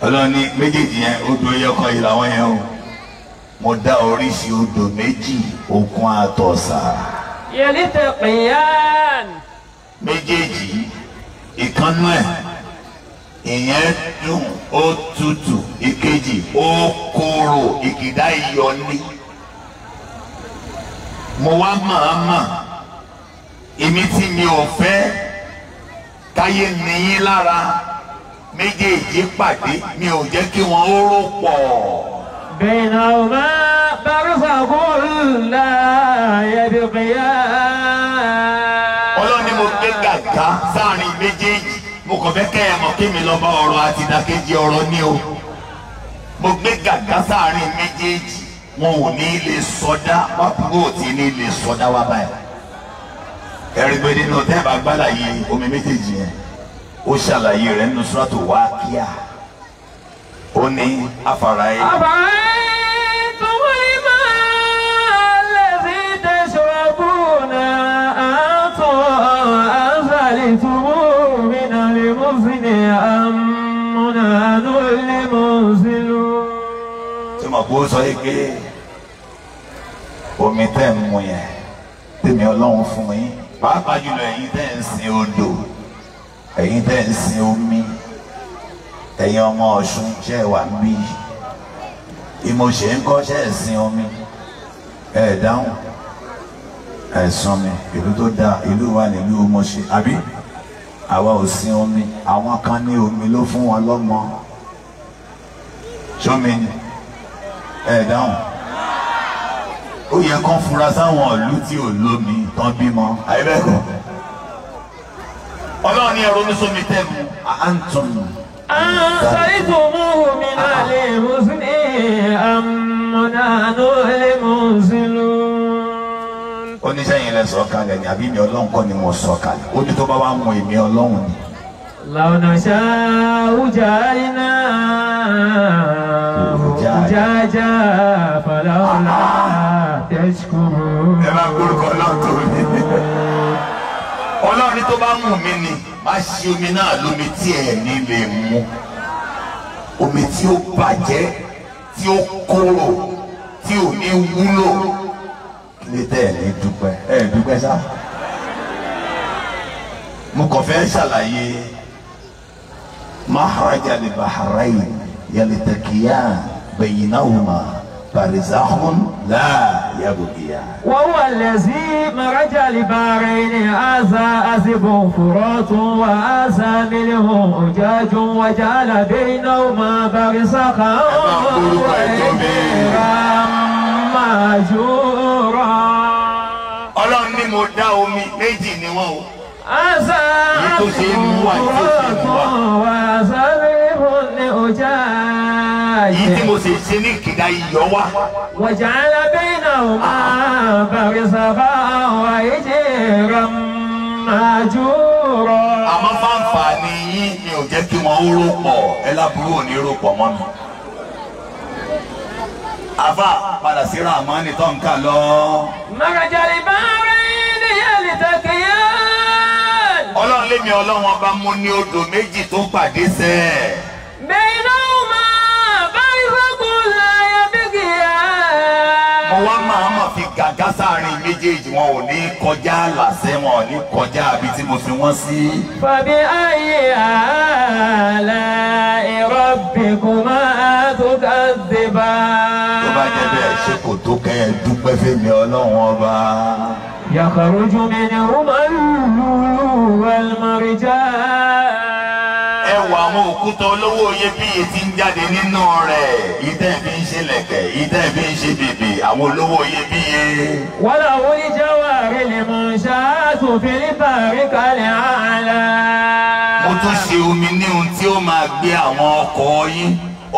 ọlọ́ni méjèèjì yẹn odò ẹyọkọ yìí làwọn yẹn o mo dá oríṣi odò méjì òkun àtọ̀sà. yẹlí tẹ pìyàn. méjèèjì ìkànnú ẹ ìyẹn dùn ó tutù ìkejì ó kóró ìkìdá iyọ ní mo wá màá mà èmi tí mi ò fẹ́ táyé nìyí lára méjèèjì pàdé mi ò jẹ́ kí wọ́n ó rò pọ̀. bẹ̀rẹ̀ ọ̀rọ̀ bàrúfà kò ńlá ẹ̀bí pẹ̀yà. ọlọ́run ni mo gbé gàgá sáàrin méjèèjì mo kàn fẹ́ kẹ́ ẹ mọ̀ kí mi lọ bá ọ̀rọ̀ àti ìdàkejì ọ̀rọ̀ ní o mo gbé gàgá sáàrin méjèèjì wọn ò ní lè sọdá wọn kúrò tí ní lè sọdá wá báyìí ẹ̀rí pé nínú tẹ́ẹ̀bà gbálàyé omi méjèèjì yẹn ó ṣàlàyé rẹ̀ nínú sùràtò wákíà ó ní afárá yẹn. àbáyé tó wáyé máa lè fi tẹ̀sán bùnà àtọ̀ àǹfààní túbú mi náà lè mú sí ni àmúnà ló lè mú sí lù. tí mo kú sọ yìí pé omi tẹ́ ń mu yẹn tèmi ọlọ́run fún yín pàápàá jùlọ ẹ̀yin tẹ́ ń sin odò ẹ̀yin tẹ́ ń sin omi ẹ̀yin ọmọ Ọ̀ṣun ṣe wà ń bí ń kọ́ ṣe omi ẹ̀ dáhùn ẹ̀ mi ìlú tó dáa ìlú wa nílùú mọ̀ṣe àbí àwa ò sin omi àwọn kan ní omi ló fún wọn lọ́mọ ṣómi ẹ̀ dáhùn ó yẹ kán fura sáwọn ìlú tí ò lómi tán bímọ. àyẹ̀bẹ̀kọ̀ ọlọ́run ní ẹ̀rọ oníṣòmi tẹ́mu àǹtọ̀nù. àǹtọ̀nù mi náà lè mú sí ní àmúnánú lè mú sí lù. oníṣẹ́ yẹn lẹ sọ kalẹ̀ ni àbí mi ọlọ́run kọ́ ni mo sọ kalẹ̀ ó ní tó bá wà mú èmi ọlọ́run ni. lọ́nà ṣáájà iná òjàjà fàlàlà ẹ máa gbórúkọ náà tó mi ọlọ́run ní tó bá mú mi ni má ṣe omi náà lómi tí ẹ̀ ní lè mu omi tí ó bàjẹ́ tí ó kóró tí ò ní wúlò kí lè tẹ́ ẹ̀ ní dúpẹ́ ẹ̀ dúpẹ́ sá mo kàn fẹ́ ṣàlàyé maharaja li bahrain yalitakiyaan bainahuma. برزخ لا يبغيان وهو الذي مرج البارين هذا أزب فرات وآسى منه أجاج وجعل بينهما برزخا وحجرا مهجورا ọlọ́run ni mo dá omi méjì ni wọ́n o. àṣà àbúrò tó wà sábẹ́ ìhùn ni ọjà yìí tí mo sì ṣe ní kìdá iyọ̀ wá. wọ̀jà ńlá bẹ́ẹ̀ náà ó máa bàrẹ̀ sábà wà éjì rẹ̀ máa jó àmọ́ fáǹfà yín ni ò jẹ́ kí wọ́n rò pọ̀ ẹ lábúrò ní rò pọ̀ mọ́ mi. àbá padà sí ra àmọ́ ní tọ́ǹkà lọ. mọ̀gàjàlè bá rẹ̀ ní ẹ̀lì tàkìyà. ọlọ́run lémi ọlọ́run ọba mo ní odò méjì tó pàdé sẹ́ẹ̀. bẹ́ẹ̀ náà. gàgá sáàrin méjèèjì wọn ò ní kọjá làṣẹ wọn ò ní kọjá àbí tí mo fi wọ́n sí. fàbí ayé àlà rabbikuma tukazziba. tó bá jẹ́ bẹ́ẹ̀ ṣe kò tó kẹ́ ẹ dúpẹ́ fèmí ọlọ́run ọba. yakhruju min rumal wal marjan ẹwà àwọn òkúta olówó iyebíye ti ń jáde nínú rẹ̀ ìtẹ́ fi ń ṣe lẹ̀kẹ̀ ìtẹ́ fi ń ṣe bèbè àwọn olówó iyebíye. wọ́n lọ wọ́n ní jẹ́wọ́ rẹ̀ lè mọ̀ ṣáàtù fílípà rí kalẹ̀ àlá. mo tún ṣe omi ní ohun tí ó máa gbé àwọn ọkọ̀ yín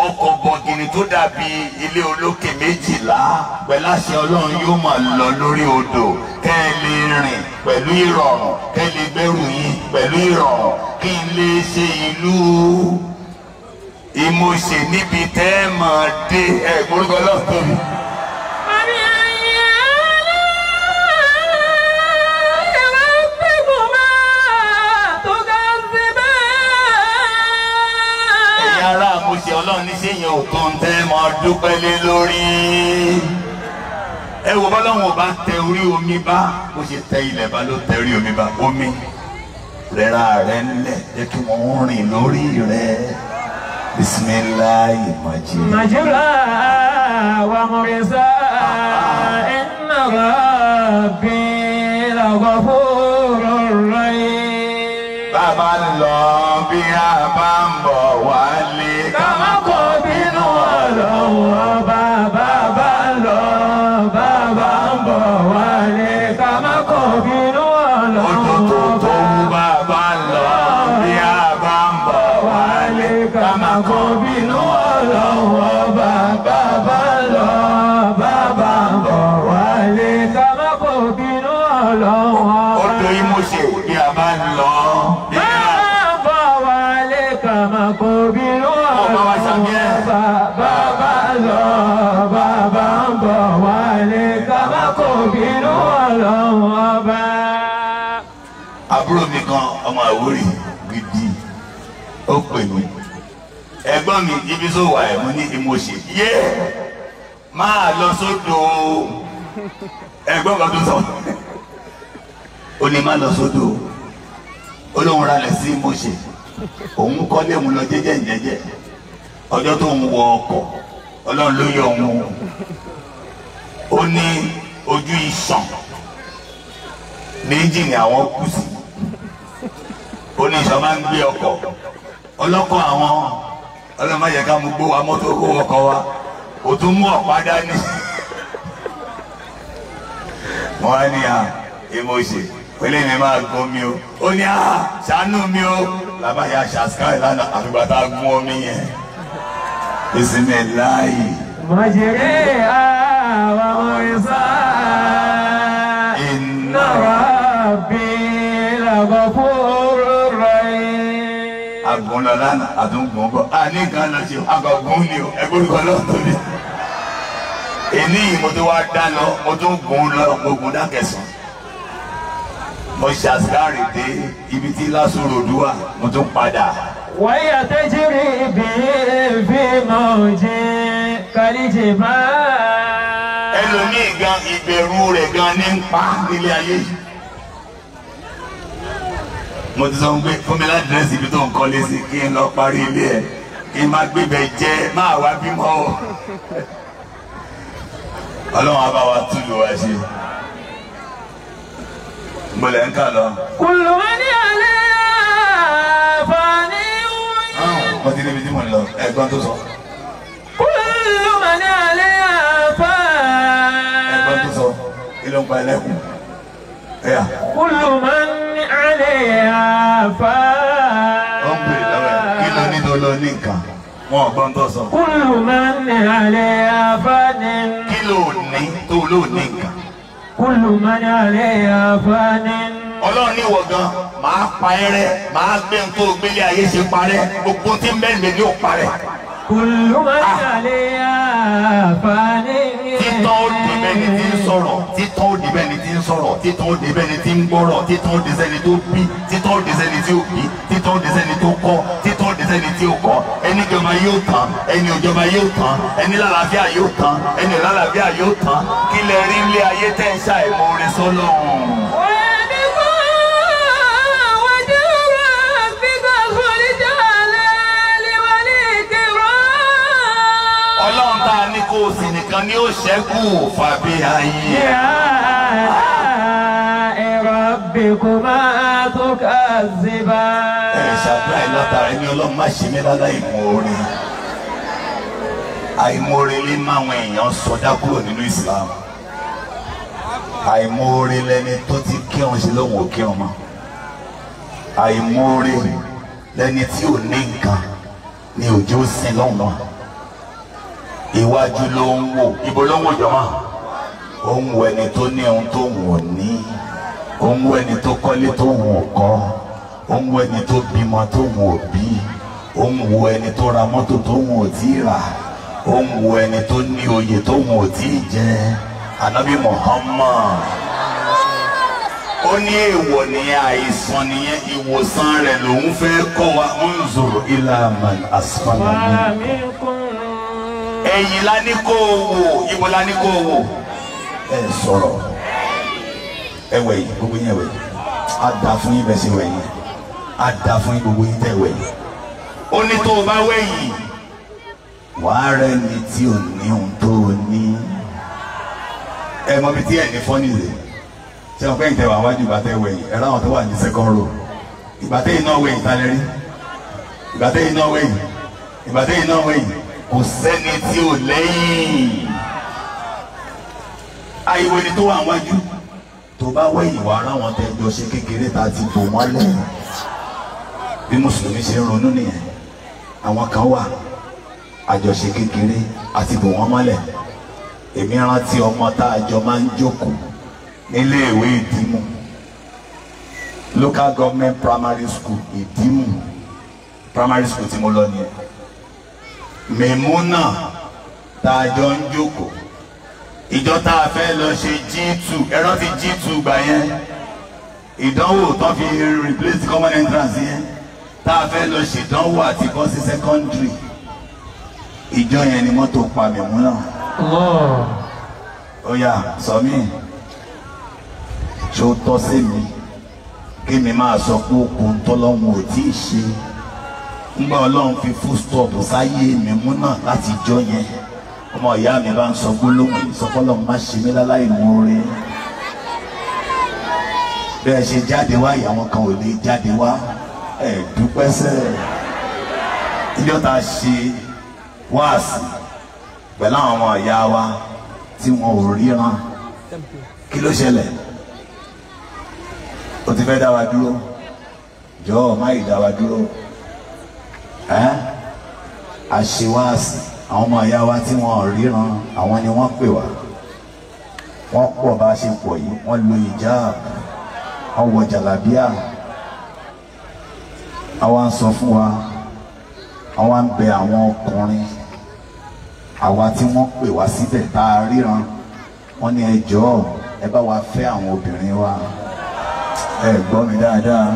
ọkọ̀ bọ̀gìnì tó dàbí ilé olókè méjìlá pẹ̀lú ọlọ́run yóò máa lọ lórí odò kẹ́ ẹ lè rìn pẹ̀lú ìrọ̀rùn kẹ́ ẹ lè gbẹ́rù yín pẹ̀lú ìrọ̀rùn kí n lè ṣe ìlú ìmọ̀ọ́ṣe níbi tẹ́ ẹ máa dé ẹ̀gbọ́n gbọ́dọ̀ tóbi. ṣe ọlọ́run ní sẹ́yìn òkun tẹ́ mọ́ dúpẹ́ lé lórí ẹ wo bọ́lọ́run ò tẹ orí omi bá ó ṣe tẹ ilẹ̀ bá ló tẹ orí omi bá omi rẹra rẹ ńlẹ̀ jẹ́ kí wọ́n rìn lórí rẹ bisimilayi maji. majira wa murisa inna rabbi la ghafurur rahim. bàbá lọ bí a bá. mọ́ mi ibi tó wà ẹ̀ mo ní emotion yé máa lọ sódò ẹ̀gbọ́n kan tó sọ ó ní máa lọ sódò olóhùn ralẹ̀ sí emotion òun kọ́lé òun lọ jẹ́jẹ́ jẹ́jẹ́ ọjọ́ tó ń wọ ọkọ̀ ọlọ́run ló yọ òun ó ní ojú iṣan méjì ni àwọn kù sí ó ní iṣan máa ń gbé ọkọ̀ ọlọ́kọ̀ àwọn ọlọ́run má yẹ ká mú gbó wa mọ́tò kó ọkọ̀ wa ò tún mú ọ̀pá dání. wọ́n á ní à èmo ṣe pẹ̀lẹ́ mi máa gun mi o ó ní à ṣàánú mi o làbáyà ṣàṣkáì lánàá àfìgbà tá a gún omi yẹn ìsinmi láàyè. màjèrè àwọn ọmọ ìsáà. lánàá àtúngbọ̀n bọ̀ a ní nǹkan náà ṣe ni o ẹgbẹ́rúkọ lọ́tọ̀ ni èmi yìí mo ti wá dá lọ mo tún gùn lọ mo gùn mo ṣe dé ibi tí lásòrò dúwà mo tún padà. wáyà tẹ́jìrì ibi èéfì máa ń jẹ máa. ẹlòmíì gan ìbẹ̀rù rẹ̀ gan ní pa nílé ayé yìí mo ti sọ fún pé fún mi ládírẹ́sì ibi tó ń kọ́lé sí kí n lọ parí ilé ẹ̀ kí n má gbébẹ̀ jẹ́ máa wá bímọ o ọlọ́run á bá wa túlù wa ṣe gbọ́lẹ̀ ń kà lọ. kùlù wá ní alẹ́ àfààní wúyí. mo ti débi tí mo lọ ẹ̀gbọ́n tó sọ. kùlù wá ní alẹ́ àfààní. ẹ̀gbọ́n tó sọ kí ló ń pa ẹlẹ́kùn. كل من 'alayha fan. ó ń bèrè lọ́wọ́ كل من ló ní tó lọ ní nǹkan wọn ò gbọ́n tó sọ. Kullu man 'alayha fan. kí ló ní tó ló ní nǹkan. Kullu man 'alayha fan. ọlọ́run ní ìwọ máa pa ẹ́ rẹ́ máa gbé ń tó gbélé ayé ṣe parẹ́ gbogbo tí ń bẹ́ẹ̀ lè ní ò parẹ́. Kullu man ah. 'alayha fan. títọ́ ó dùn mẹ́ni tí títàn ó débẹ̀ ni tí ń sọ̀rọ̀ títàn ó débẹ̀ ni tí ń gbọ́rọ̀ títàn ó débẹ̀ ni tó bí títàn ó débẹ̀ ni tí ó bí títàn ó débẹ̀ ni tó kọ́ títàn ó débẹ̀ ni tí ó kọ́ ẹni jọba yóò tán ẹni òjọba yóò tán ẹni lálàáfíà yóò tán ẹni lálàáfíà yóò tán kí lẹ rí ilé ayé tẹ́ ń ṣàìmoore sọ́lọ́run. kó o sì nìkan ni ó ṣẹ́kù fàbí ayé. Rabbikuma tukazziba. Ẹ ṣàdúrà ìlàtàrà ẹni ọlọ́run má ṣe mí láláì mú orin. Àìmoore lè má àwọn èèyàn sọdá kúrò nínú Islam. Àìmoore lẹni tó ti kírun ṣe lóun ò kírun mọ́. Àìmoore lẹni tí ò ní nǹkan ni òjò sin lọ́hùn iwájú ló ń wò ibo ló ń wò jọmọ ó ń wo ẹni tó ní ohun tó wò ní ó ń wo ẹni tó kọ́lé tó wò kọ́ ó ń wo ẹni tó bímọ tó wò bí ó ń wo ẹni tó ra mọ́tò tó wò tí rà ó ń wo ẹni tó ní oyè tó wò tí jẹ anabi Muhammad ó ní èèwọ̀ nìyẹn àìsàn nìyẹn ìwòsàn rẹ̀ lòun fẹ́ kọ́ wa ń zòrò ilà man asfalami ẹ̀yìn la ní kó o wò ibo la ní kó o wò. ẹ sọ̀rọ̀ ẹ wẹ̀ yìí gbogbo yín ẹ wẹ̀ yìí a dà fún yín bẹ́ẹ̀ sì wẹ̀ yìí a dà fún yín gbogbo yín tẹ̀ wẹ̀ yìí. ó ní tó o bá wẹ̀ yìí. wàá rẹ ni tí ò ní ohun tó o ní. ẹ mọ bí tí ẹ ní fọ́nì rè ṣé wọn fẹ́yìntẹ́ wà wájú ìgbà tẹ́ wẹ̀ yìí ẹ ráwọn tó wà ní second row ìgbà tẹ́ yìí náà wẹ̀ yìí talẹ́rí ìgbà tẹ́ yìí náà wẹ̀ yìí ìgbà tẹ́ yìí náà wẹ̀ yìí kò sẹ́ni tí ò lẹ́yìn àìwé ni tó wà wájú tó bá wẹ̀yìn wá ráwọn tẹ́jọ ṣe kékeré ta ti bò mọ́lẹ̀ bí mùsùlùmí ṣe ń ronú nìyẹn àwọn kan wà àjọṣe kékeré àti bò wọ́n mọ́lẹ̀ èmi rántí ọmọ tá a jọ máa ń jókòó nílé ìwé ìdímù local government primary school ìdímù primary school tí mo lọ nìyẹn. Mẹ̀múnà tá a jọ ń jókòó ìjọ tá a fẹ́ lọ ṣe G2 ẹ̀rọ ti G2 gbà yẹn ìdánwò tó fi replace common entrance yẹn tá a fẹ́ lọ ṣèdánwò àti bọ́ sí secondary ìjọ yẹn ni mọ́tò pa Mẹ̀múnà. ó yá sọ mí ṣó tọ́ sí mi kí mi máa sọ pé okùn tọ́lọ́mù ò tí ì ṣe ńgbà ọlọ́run fi full stop sáyé mi mú náà láti jọ yẹn ọmọ ìyá mi bá ń sọ gbólóhùn ìsọfọ́lọ́ má ṣe mí láláì mú orin bẹ́ẹ̀ ṣe jáde wá ìyàwó kan ò lè jáde wá ẹ̀ dúpẹ́ sẹ́ ilé ta ṣe wáàsì pẹ̀lú àwọn ọmọ wa tí wọn ò ríran kí ló ṣẹlẹ̀ o ti fẹ́ dá wa dúró jọ̀ọ́ má yìí dá wa dúró ẹ́ àṣewáàsì àwọn ọmọ ìyá wa tí wọ́n ríran àwọn ni wọ́n pè wá wọ́n pọ̀ bá a ṣe pọ̀ yìí wọ́n lo hijab wọ́n wọ jàlábíà àwa ń sọ fún wa àwa ń bẹ àwọn ọkùnrin àwa tí wọ́n pè wá síbẹ̀ tá a ríran wọ́n ní ẹ jọ̀ọ́ ẹ bá wa fẹ́ àwọn obìnrin wa ẹ gbọ́ mi dáadáa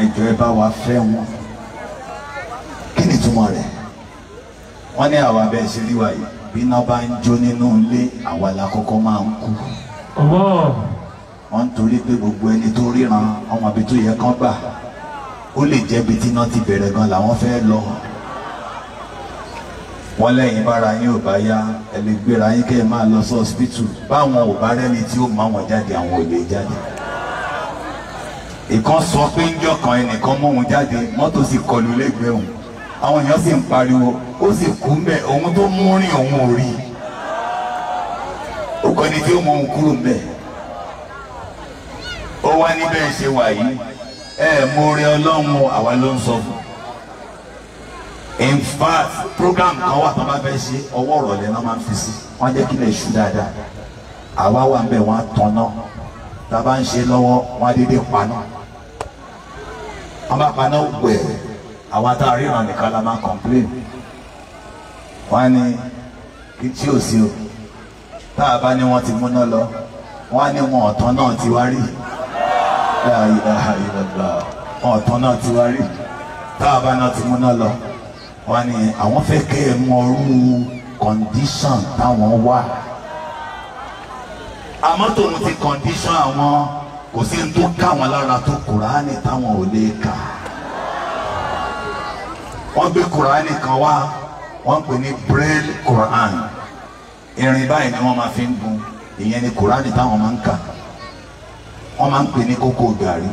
ẹ ẹ bá wa fẹ́ wọn ìtumọ̀ rẹ̀ wọ́n ní àwa bẹ́ẹ̀ ṣe rí wa yìí bí iná bá ń jó nínú ilé àwa la kọ́kọ́ máa ń kú. wọ́n ń torí pé gbogbo ẹni tó ríran ọmọ ibi tó yẹ kán gbà ó lè jẹ́ ibi tí iná ti bẹ̀rẹ̀ gan làwọn fẹ́ lọ. wọ́n lẹ́yìn bára yín ò bá yá ẹ lè gbéra yín kẹ́ ẹ máa lọ sí ọsibítù báwọn ò bá rẹ́ni tí ó máa wọn jáde àwọn ò lè jáde ìkan sọ pé ń jọkàn ẹnìkan mú òun jáde mọ́tò sì kọlù lẹ́gbẹ̀ẹ́ òun àwọn èèyàn sì ń pariwo ó sì kú mbẹ òun tó mú rìn òun ò rí ó kọ́ni tí ó mọ òun kúrò mbẹ ó wá níbẹ̀ ṣe wà ẹ mo rí ọlọ́run àwa ló ń sọ fún in fact program kan wà tó bá fẹ́ ṣe ọwọ́ ìrọ̀lẹ́ náà máa ń fi sí wọ́n jẹ́ kí lè ṣú dáadáa àwa wà mbẹ wọ́n á tá a bá ń ṣe lọ́wọ́ wọ́n á dédé paná wọ́n bá paná wẹ̀ àwọn tá a ríran nìkan la máa complain wọ́n á ní kí tí ò sí o tá a bá ní wọ́n ti múná lọ wọ́n á ní wọn ọ̀tán náà ti wá rí wọn ọ̀tán náà ti wá rí tá a bá náà ti múná lọ wọ́n á ní àwọn fẹ́ kẹ́ ẹ mọ orú condition táwọn wà àmọ́ tòun ti condition àwọn kò sí ní tó ká wọn lára tó Kùránì táwọn ò lè kà á wọ́n gbé kuraani kan wá wọ́n pè ní braille quran irin báyìí ni wọ́n máa fi ń gun ìyẹn ni kuraani táwọn máa ń kà wọ́n máa ń pè ní kókó gàrí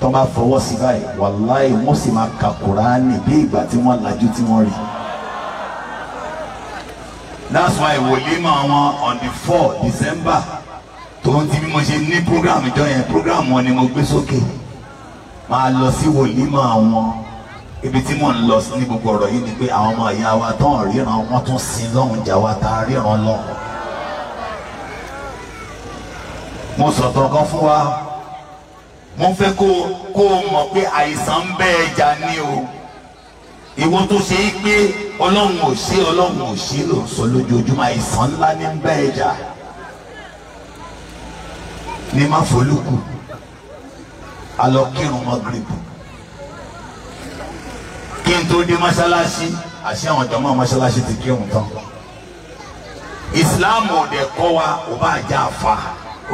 tó bá fọwọ́ sí báyìí wàláì wọ́n sì máa ka kuraani bí ìgbà tí wọ́n lajú tí wọ́n rí. that's why wòlímọ̀ wọn on the four december tòun ti bí mo ṣe ní program ìjọ yẹn program wọn ni mo gbé sókè máa lọ sí wòlímọ̀ wọn ibi tí mò ń lọ ní gbogbo ọ̀rọ̀ yìí ni pé àwọn ọmọ ìyá wa tán ríran wọ́n tún sin lọ́hùn jà wa ta ríran lọ́hùn. mo sọ̀tọ̀ kan fún wa mo fẹ́ kó kó o mọ̀ pé àìsàn ń bẹ́ ẹja o ìwọ tó ṣe é pé ọlọ́run ò ṣe ọlọ́run ò ṣe ló sọ lójoojúmọ́ àìsàn ńlá ní ń bẹ́ ní má folúkù a kírun mọ́ gírípù kí n tó dé mọ́ṣáláṣí àṣé àwọn jọmọ́ mọ́ṣáláṣí ti kírun tán ìsìláàmù ọ̀dẹ̀ kọ́ wa ò bá jẹ́ àfa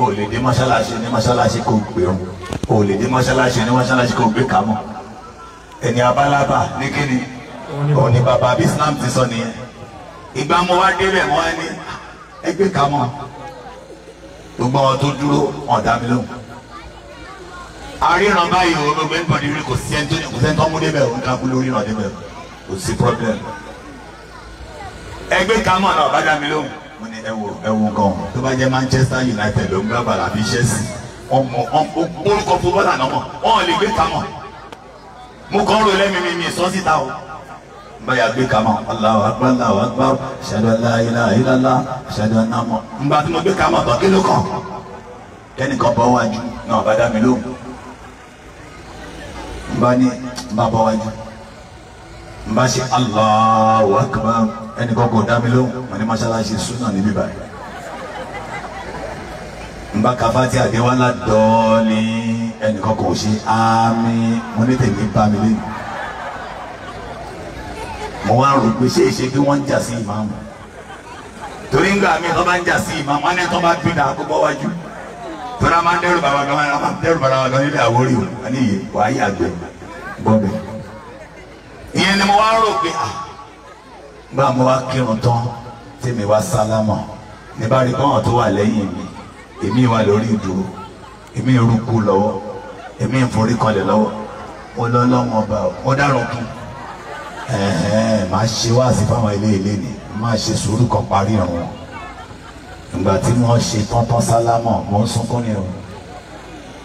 o lè dé mọ́ṣáláṣí ní mọ́ṣáláṣí kò gbé o o lè dé mọ́ṣáláṣí ní mọ́ṣáláṣí kò gbé kàmọ́ ẹni abálábà ní kíni òní bàbá bí Islam ti sọ nìyẹn ìgbà mo wá débẹ̀ mo wá ní ah, ẹgbẹ́ kàmọ́ gbogbo àwọn tó dúró wọn mi lóhùn àríran báyìí o gbogbo ẹnìbọdì rí kò sí ẹni tó kò sẹ́ni tó mú débẹ̀ òun kan kú lórí náà débẹ̀ kò sí problem. ẹgbẹ́ kan mọ̀ náà bá dá mi lóhùn. mo ní ẹ wo ẹ wo gan tó bá jẹ́ Manchester United ló ń gbá bàlá àbí Chelsea ọmọ orúkọ fúbọ́là náà mọ̀ wọ́n lè gbé kan mọ̀ mo kàn ń ro lẹ́mìí mi mi sọ́ síta o báyà gbé kama Allahu akbar Allahu akbar ashhadu an la ilaha illallah ashhadu anna mọ. ngbà tí mo gbé kama tán kí ló kàn kẹ́nìkan bọ́ wájú náà bá dá mi lóhùn bá ní n bá bọ́ wájú n bá ṣe Allahu Akbar ẹnì kọ́kọ́ dá mi lóhùn wọn ni mọ́ṣáláṣí súnà níbí báyìí n bá ka fati àdéwálá dọ́ọ̀lì ẹnì kọ́kọ́ ò ṣe ámì mo ní tèmi bá mi lẹ́nu mo wá rò pé ṣé ṣe kí wọ́n ń jà sí ìmáàmù torí ń gbà mí tó bá ń jà sí ìmáàmù wọn ní tó bá gbé dàá kó bọ́ wájú tora máa ń dẹ́rù bàbá kan máa ń dẹ́rù bàbá kan nílé àwórí o àníyè wàá yàgbẹ́ gbọ́dọ̀ ìyẹn ni mo wá rò pé à ah, gbà mo wá kírun tán tèmi wá sálámà ní bá rí bọ́ọ̀n tó wà lẹ́yìn mi èmi wà lórí ìdúró èmi rúkú lọ́wọ́ èmi forí lọ́wọ́ mo lọ lọ́wọ́ ọba ó dárò kún máa ṣe wáàsí fáwọn ilé ilé ni máa ṣe sùúrù kan parí ọ̀run ìgbà tí wọ́n ṣe tọ́ntọ́n sálámà mo ń sunkún ni o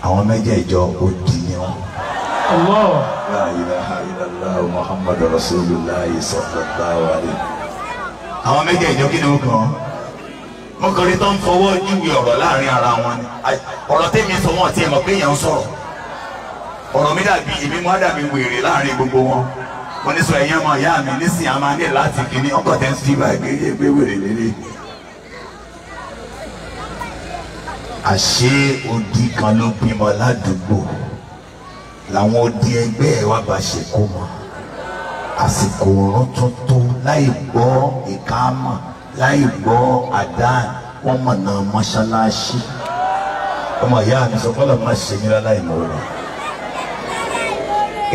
àwọn méjèèjọ odi ni wọn. الله لا إله إلا الله محمد رسول الله صلى الله عليه àwọn méjèèjì kí ni ó kàn mo kàn rí tó ń fọwọ́ júwe ọ̀rọ̀ láàrin ara wọn ni ọ̀rọ̀ tèmi sọ wọn tiẹ̀ mọ̀ pé èèyàn ń sọ̀rọ̀ ọ̀rọ̀ mi dàbí èmi mọ́ dàbí wèrè láàrin gbogbo wọn wọ́n ní sọ ẹ̀yìn ọmọ ìyá mi nísìnyí a máa ní láti kí ní ọkọ̀ tẹ́ ń sí ibà gbéyé gbé wèrè lélẹ̀. àṣé odi kan ló bímọ ládùúgbò làwọn odi ẹgbẹ́ ẹ wá bá ṣèkó mọ́ àsìkò ọ̀run tuntun láì gbọ́ ìkámọ̀ láì gbọ́ àdáàn wọ́n mọ̀nà mọ́ṣáláṣí ọmọ ìyá mi sọ fọlọ́ máa ṣe mí láláì mọ̀ rẹ̀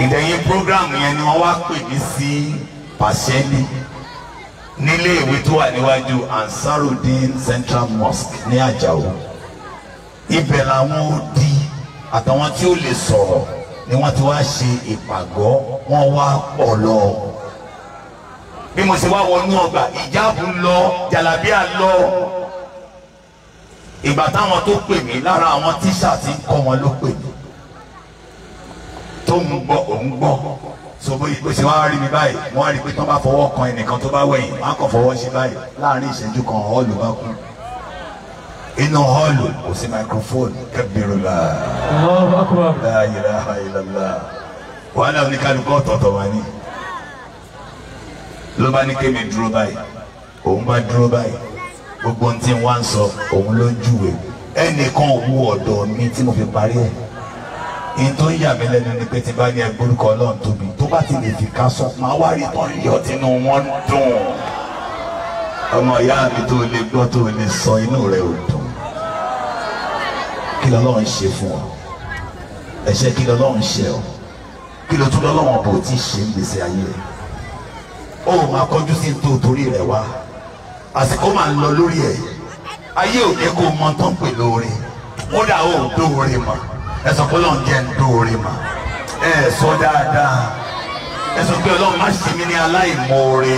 ìdẹ̀yìn program yẹn ni wọ́n wá pè mí sí pàṣẹ́ni nílé ìwé tó wà níwájú Ansarudeen Central Mosque ní Àjàó ibẹ̀ làwọn odi àtàwọn tí ó lè sọ̀rọ̀ ni wọ́n ti wá ṣe ìpàgọ́ wọ́n wá pọ̀ lọ. bí mo ṣe wá wọnú ọgbà ìjáàbù lọ jàlábíà lọ ìgbà táwọn tó pè mí lára àwọn tíṣà tí ń kọ́ wọn ló pè mí tó ń gbọ́ òun gbọ́ sobo ìpè ṣe wá rí mi báyìí wọ́n rí i pé tí wọ́n bá fọwọ́ kan ẹnìkan tó bá wẹ̀yìn wọ́n á kàn fọwọ́ ṣe báyìí láàrin ìṣẹ́jú kan ọ̀ọ́ ló bá kú inú hall kò sí microphone kẹbìrìlá la ilaha illallah wàhálà oníkálukú ọ̀tọ̀ọ̀tọ̀ wà ní ló bá ní kémi dúró báyìí òun bá dúró báyìí gbogbo ohun tí n wá ń sọ òun ló júwe ẹnìkan ò wú mi lẹ́nu ni pé tí bá ní ẹgbórúkọ ọlọ́run tóbi tó bá ti lè fi ká sọ máa wá rí tán yọ tínú wọn dùn ọmọ ìyá mi tó lè gbọ́ tó lè sọ inú rẹ̀ ò dùn kí lọ́lọ́run ṣe fún ọ ẹ̀ṣẹ̀ kí lọ́lọ́run ṣe ọ kí ló tún lọ́lọ́run bò tí ṣe ń gbèsè ayé rẹ ó máa kọjú sí ní tó torí rẹ wá àsìkò máa ń lọ lórí ẹ ayé ò jẹ́ kó mọ tó ń pè lóore ó dà ó ń dóore mọ ẹ sọ pé Ọlọ́run jẹ́ ń dóore mọ ẹ sọ dáadáa ẹ sọ pé Ọlọ́run má ṣe mí ní aláìmoore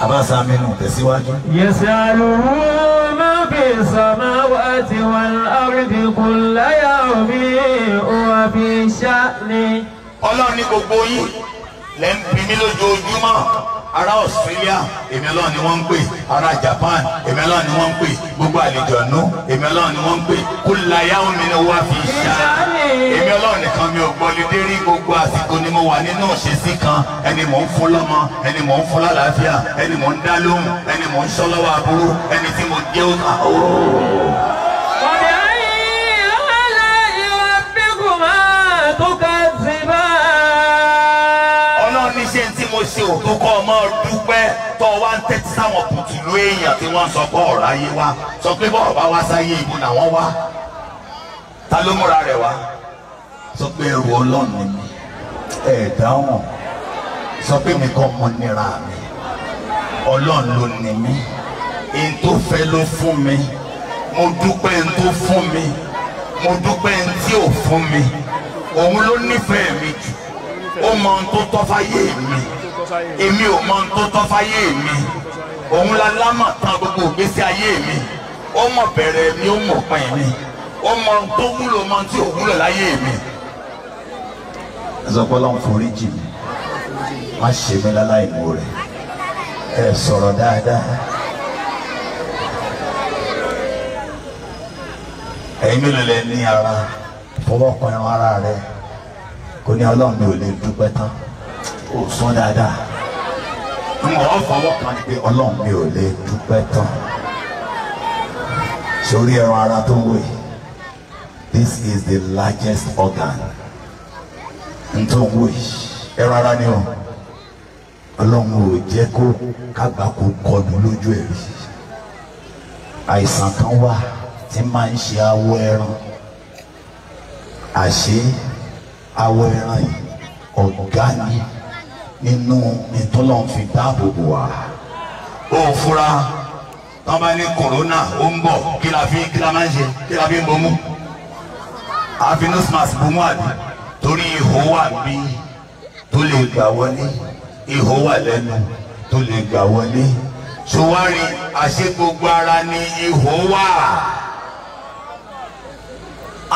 abasa aminu tẹ̀síwájú. yasaluhu man fi samawati wal ardi kulla yawmin huwa fi sha'ni. ọlọ́run ní gbogbo yín lẹ́ ń bí mi lójoojúmọ́ ará Australia èmi Ọlọ́run ni wọ́n ń pè ará Japan èmi Ọlọ́run ni wọ́n ń pè gbogbo àlejò ọ̀nù èmi Ọlọ́run ni wọ́n ń pè kúlà yáwó ni wọ́n fi ṣá èmi Ọlọ́run nìkan mi ò gbọ́lidé rí gbogbo àsìkò ni mo wà nínú òṣèṣì kan ẹni mò ń fún lọ́mọ ẹni mò ń fún lálàáfíà ẹni mò ń dá lóhùn ẹni mò ń ṣọ́ lọ́wọ́ aburú ẹni tí mo jẹ́ òkà ah, ooo. Oh. ò tó kọ́ ọmọ dúpẹ́ tó wá ń tẹ́tí sáwọn kùtùlù èèyàn tí wọ́n sọ pé ọ̀rọ̀ ayé wa sọ pé bọ́ọ̀ bá wá sáyé ibo làwọn wá ta ló múra rẹ̀ wá sọ pé ẹrù ọlọ́run ni mi wọn sọ pé mi kọ́ mọ nira mi ọlọ́run ló ní mi ẹni tó fẹ́ ló fún mi mo dúpẹ́ ẹni tó fún mi mo dúpẹ́ ẹni tí ò fún mi òun ló nífẹ̀ẹ́ mi jù ó mọ ohun tó tọ́ fáyé mi èmi ò mọ tó tọ́ fáyé mi òun la lámà tán gbogbo ìgbésí ayé mi ó mọ̀ bẹ̀rẹ̀ mi ó mọ̀ pin mi ó mọ tó wúlò mọ tí ò wúlò láyé mi. ẹ sọ pé ọlọ́run forí jì mí má ṣe mí láláì mú rẹ̀ ẹ sọ̀rọ̀ dáadáa. ẹ̀yin mélòó lẹ ní ara fọwọ́ kan ara rẹ kò ní ọlọ́run mi ò lè dúpẹ́ tán kò sọ dáadáa wọn fọwọ́ kan ni pé ọlọ́run mi ò lè dúpẹ́ tán sórí ẹran ara tó ń wè this is the largest organ tó ń wè ẹran ara ni o ọlọ́run ò jẹ́ kó kágbá kó lójú ẹ̀ rí àìsàn kan wà tí máa ń ṣe awọ ẹran àṣé awọ ẹran yìí ọ̀gá ni nínú ìtọ́lọ̀ fi dáàbò bò wá. ó fura tán bá ní kòrónà ó ń bọ̀ kí la fi kí la máa ń ṣe kí la fi ń bomú. àfi nose mask bomú àbí torí ihò wà bí tó lè gbà wọlé ihò wà lẹ́nu tó lè gbà wọlé. sùwárí àṣẹ gbogbo ara ni ihò wà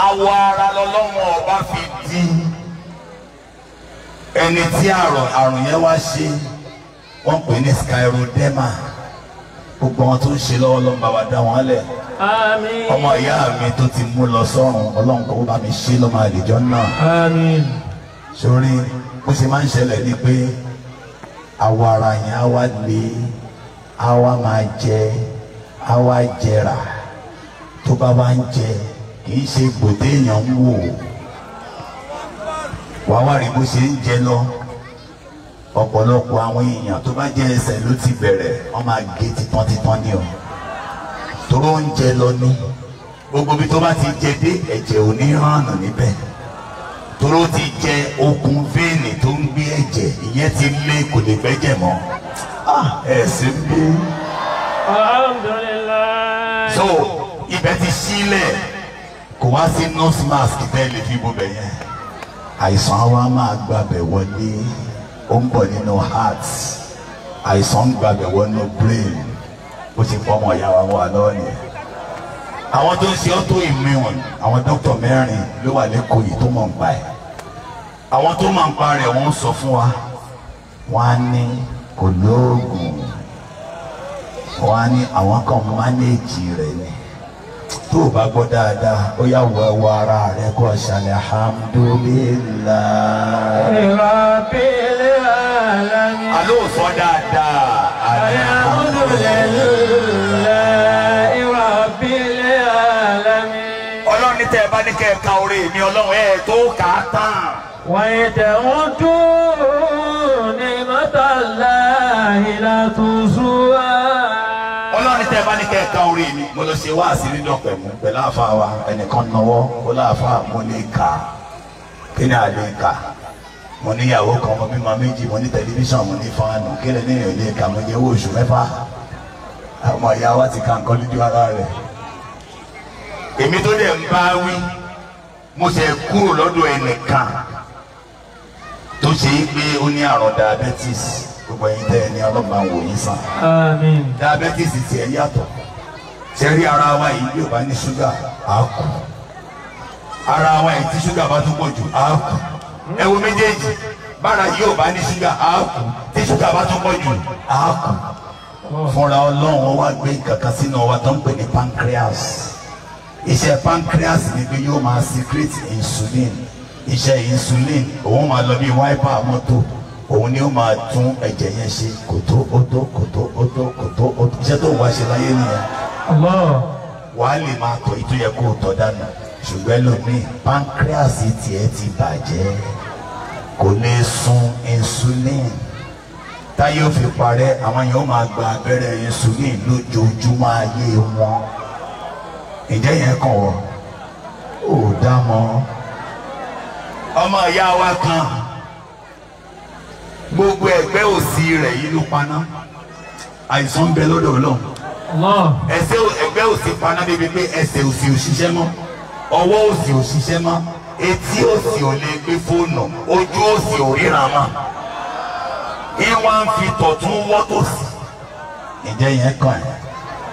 awọ ara lọ́lọ́wọ́ ọba fi di ẹni tí àrùn yẹn wá ṣe wọ́n pè ní scleroderma gbogbo wọn tó ń ṣe lọ́wọ́ ló ń bá wa dá wọn lẹ̀ ọmọ ìyá mi tó ti mú lọ sọ́run ọlọ́run kò bá mi ṣe lọ́mọ àlejò náà sórí bó ṣe máa ń ṣẹlẹ̀ ni pé àwọ̀ ara yẹn á wá le á wá máa jẹ á wá jẹrà tó bá wá ń jẹ kì í ṣe gbòdé èèyàn ń wò ó wàá wá rí bó ṣe ń jẹ lọ ọ̀pọ̀lọpọ̀ àwọn èèyàn tó bá jẹ́ ẹsẹ̀ ló ti bẹ̀rẹ̀ wọ́n máa gé titan titan ni o tóró ń jẹ lọ ní gbogbo bí tó bá ti jẹ dé ẹ̀jẹ̀ ò ní hàn níbẹ̀ tóró ti jẹ okun fèèlì tó ń gbé ẹ̀jẹ̀ ìyẹn ti lé kò lè gbẹ́jẹ̀ mọ́ ah, ẹ̀ sì so ibẹ̀ ti sílẹ̀ kò wá sí nurse mask tẹ́lẹ̀ fi gbogbo ẹ̀yẹn. àìsàn wa máa gbabẹ̀ wọlé ó ń bọ̀ nínú heart àìsàn ń n'o brain ó ti pọ̀ ọmọ ìyá wa wà lọ́ọ̀nì. àwọn tó ń ṣe ọ́ tó ìmíwọ̀n àwọn dókítà mẹ́rin ló wà lẹ́kọ̀ọ́ yìí tó mọ̀ ń pa ẹ̀. àwọn tó ń pa rẹ̀ sọ fún wa wọ́n á ní kò ní àwọn kan rẹ̀ ni. tó o bá gbọ́ dáadáa ó yà wọ ẹwọ ara rẹ kó o ṣàlẹ̀ alhamdulilayi. rabbil alamin. alo sọ dáadáa. alhamdulilayi rabbil alamin. ọlọ́run ní tẹ́ ẹ bá ní kẹ́ ẹ ka orí mi ọlọ́run ẹ̀ tó kà á tán. wọ́n yẹ tẹ̀ wọ́n dún ní mọ́tàlá ìlà tó ẹ̀ka orí mi mo lọ ṣe wáàsí nínú ọ̀pẹ̀ mú pẹ̀lú àfa wa ẹnìkan náwọ́ ó láàfa mo lè kà kí ni àlè kà á mo níyàwó kan mo bímọ méjì mo ní tẹlifíṣàn mo ní fáànù kí ni èèyàn lè kà mo jẹ owó oṣù mẹ́fà àmọ́ ìyá wa ti ka nǹkan lójú ara rẹ̀ èmi tó dẹ̀ ń bá wí mo ṣe kúrò lọ́dọ̀ ẹnìkan tó ṣe é pé ó ní àrùn diabetes gbogbo ẹ̀yin tẹ́ ẹ ní ọlọ́gbà wò yín sàn. àmín. diabetes tiẹ̀ yàtọ̀ sẹ́rí ara wa yìí bí o bá ní ṣúgà á kú ara wa yìí tí ṣúgà bá tún pọ̀ jù á kú ẹ méjèèjì bára yìí bá ní ṣúgà á kú tí ṣúgà bá tún pọ̀ jù á kú fúnra ọlọ́run wá gbé kankan sínú wa tó ń pè ní pancreas iṣẹ́ pancreas ni pé yóò máa secret insulin iṣẹ́ insulin òun máa lọ bí wáípà mọ́tò òun ni ó máa tún ẹ̀jẹ̀ yẹn ṣe kò tó ó tó kò iṣẹ́ tó wá ṣe láyé nìyẹn wàá lè máa tọ̀ ètò yẹ kó o tọ̀ dànù ṣùgbọ́n ẹlòmíì pancreas tiẹ̀ ti bàjẹ́ kò lè sun insulin táyé ò fi parẹ́ àwọn yẹn máa gba abẹ́rẹ́ insulin lójoojúmọ́ ayé wọn ǹjẹ́ yẹn kàn wọ́n ò dá mọ́ ọmọ ìyá wa kan gbogbo ẹgbẹ́ òsì rẹ̀ yìí ló paná àìsàn ń bẹ lọ́dọ̀ Ọlọ́run ẹsẹ̀ ẹgbẹ́ òsì paná bíbi pé ẹsẹ̀ òsì ò ṣiṣẹ́ mọ́ ọwọ́ òsì ò ṣiṣẹ́ mọ́ etí òsì ò lè gbé fóònù ojú òsì ò ríran mọ́ ìwà ń fi tọ̀tún wọ́ tòsì ìjẹ́ yẹn kàn ẹ́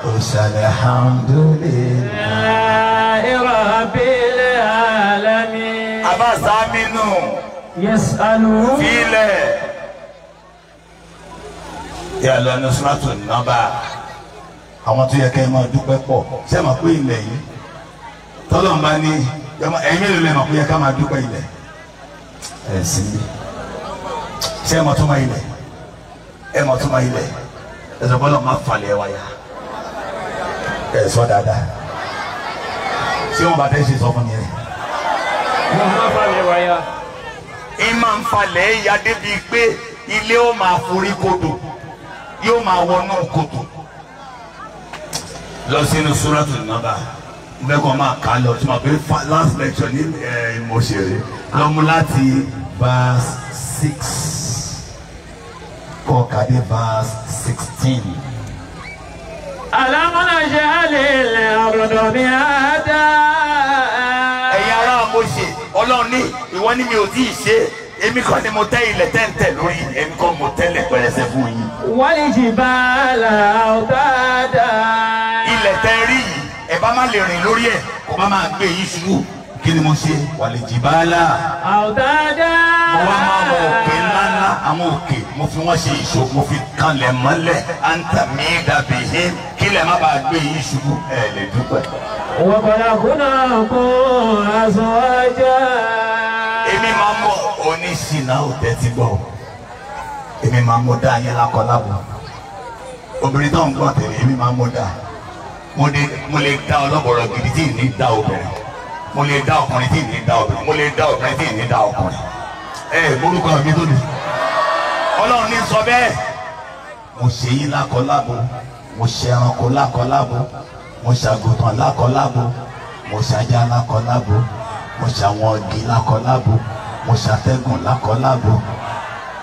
òṣàlẹ̀ alhamdulilayi rabbil alamin. abasa aminu. yasalu. filẹ̀. yàrá lọ́nà sọ́nà tó nọ́bà àwọn tó yẹ kẹ́ ẹ máa dúpẹ́ pọ̀ ṣé máa pé ilẹ̀ yìí tọ́lọ́n bá ní ẹ̀yìn ìlú lẹ́mọ̀ pé yẹ ká máa dúpẹ́ ilẹ̀ ẹ̀ sí i ṣé máa tún máa ilẹ̀ ẹ̀ máa tún máa ilẹ̀ ẹ̀ sọ bọ́lá máa falẹ̀ ẹ̀ wáyà ẹ̀ sọ dáadáa ṣé wọn bá tẹ́ sọ fún yẹn. wọn máa falẹ̀ wáyà. ìmọ̀ ya débi pé ilé ó máa forí kodò yóò máa wọnú kodò lọ sínú súrọ́tù nọ́mbà mẹ́kọ̀ọ́ máa kà á lọ tí ma pé last lecture ní ìmọ̀ọ́sẹ̀rẹ̀ lọ́mú láti verse six kọ́ kàdé verse sixteen. alámọ́nà ṣe á lè ọ̀rọ̀dọ̀ mi á dá. ẹ̀yin ará Mósè ọlọ́run ní ìwọ ni mi ò tí ì ṣe èmi kọ́ ni mo tẹ́ ilẹ̀ tẹ́ǹtẹ̀ lórí èmi kọ́ mo tẹ́lẹ̀ pẹ̀lẹ́sẹ̀ fún yín. wọ́n lè jì bá ọ̀tá dáa ẹ bá má lè rìn lórí ẹ̀ kó má máa gbé yín ṣubú kí ni mo ṣe wàlẹ̀ jìbálà. àwòtájà. mo wá máa wọ òkè ńláńlá àwọn òkè mo fi wọ́n ṣe ìṣó mo fi kanlẹ̀ mọ́lẹ̀ à ń tà mí dàbí yé kílẹ̀ má bàa gbé yín ṣubú ẹ lè dúpẹ́. wọ́pọ̀lá kúnà kún aṣọ ajá. èmi máa ń oníṣìnà ò tẹ́tí gbọ́ èmi máa ń dá yẹn lákọ lábọ̀ obìnrin tó ń gbọ́ tẹ̀lé èmi máa ń dá mo lè mo lè dá ọlọ́bọ̀rọ̀ gidi tí ní dá obìnrin mo lè dá ọkùnrin tí ní dá obìnrin mo lè dá obìnrin tí ní dá ọkùnrin ẹ orúkọ mi tó lù ọlọ́run ní sọ bẹ́ẹ̀ mo ṣe yín lákọlábo mo ṣe ẹranko lákọlábo mo ṣàgùntàn lákọlábo mo ṣàjà lákọlábo mo ṣàwọn ọ̀gì lákọlábo mo ṣàtẹ́gùn lákọlábo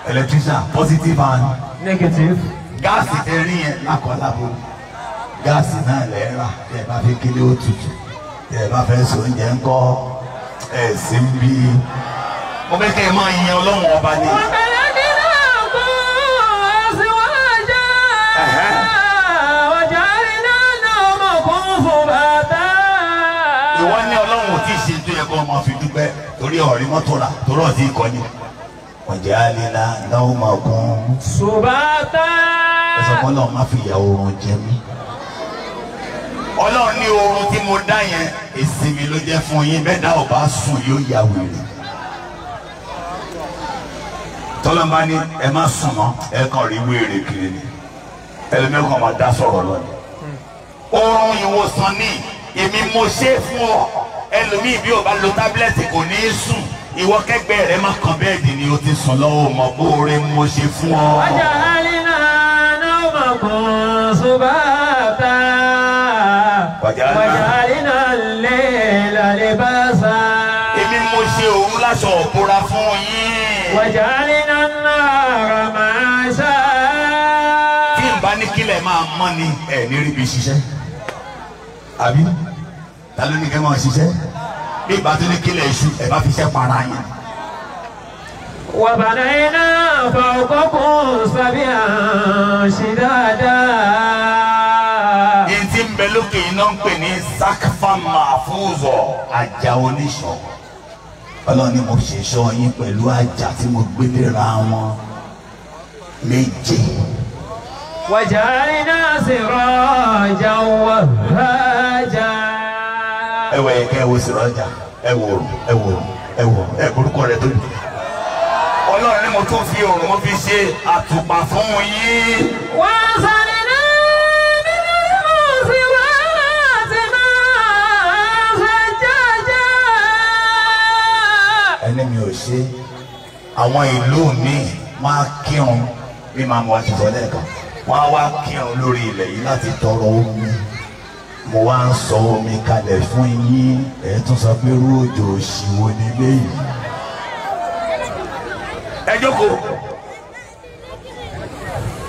electrician positive and negative gáàsì tẹ rí yẹn lákọlábo gáàsì náà lẹ́ rà tẹ́ ẹ bá fi kílé òtútù tẹ́ ẹ bá fẹ́ so oúnjẹ ńkọ́ ẹ̀ sí ń bí. mo fẹ́ kẹ́ ẹ máa yan ọlọ́run ọba ni. ìwọ ní ọlọ́run ò tí ì ṣe tó yẹ kó ọmọ fi dúpẹ́ torí ọ̀rí mọ́tò rà tó sí ìkọ́ni. ọ̀jẹ̀ àlìlá náà ó máa kún. ṣùgbọ́n tá. ẹ fi ìyàwó oorun jẹ mí ní oorun tí mo dá yẹn èsì mi ló jẹ́ fún yín bẹ́ẹ̀ dá ò bá sùn yóò ya wèrè tọ́lọ́mbá ní ẹ má sùn mọ́ ẹ kàn rí wèrè kiri ni ẹlẹ́mẹ́kàn máa dá sọ̀rọ̀ lọ oorun ìwòsàn ni èmi mo ṣe fún ọ ẹlòmíì bí o bá lo tábìlẹ́tì kò ní í sùn ìwọ kẹgbẹ́ rẹ má kàn bẹ́ẹ̀dì ni o ti sùn lọ́wọ́ mọ̀ bóore mo ṣe fún ọ. wájà hali náà náà mà kún un ṣùgbọ́n. wàjálínà náà màṣá. bí n bá ní kílẹ̀ máa mọ́ ni ẹ̀ ní rí bí ṣiṣẹ́ àbí ta ló ní kẹ́ máa ṣiṣẹ́ bí ìbá tó ní kílẹ̀ iṣu ẹ̀ bá fi ṣẹ́ para yẹn. وبنينا فوقكم سبعا شدادا èyí tí ń bẹ lókè iná ń pè ní ọlọ́run ni mo ṣèṣọ́ yín pẹ̀lú àjà tí mo gbé léra wọn méje. wàjàrínà sìrọ̀jà wà rájà. ẹ wọ ẹ̀ka ẹ wo sìrọ̀jà ẹ wò ẹ wò ẹ wò ẹ burúkọ rẹ tó dùn. ọlọ́run mo tún fi òun mo fi ṣe àtùpà fún yín. wọ́n sáré. ní mi ò ṣe àwọn ìlú mi wọn á kírun bí màmú wa ti lẹ́ẹ̀kan wọn á wá kírun lórí ilẹ̀ yìí láti tọrọ omi mo wá ń sọ omi kalẹ̀ fún yín ẹ̀ tún sọ pé irú òjò òṣìwò nílé yìí. ẹ jókòó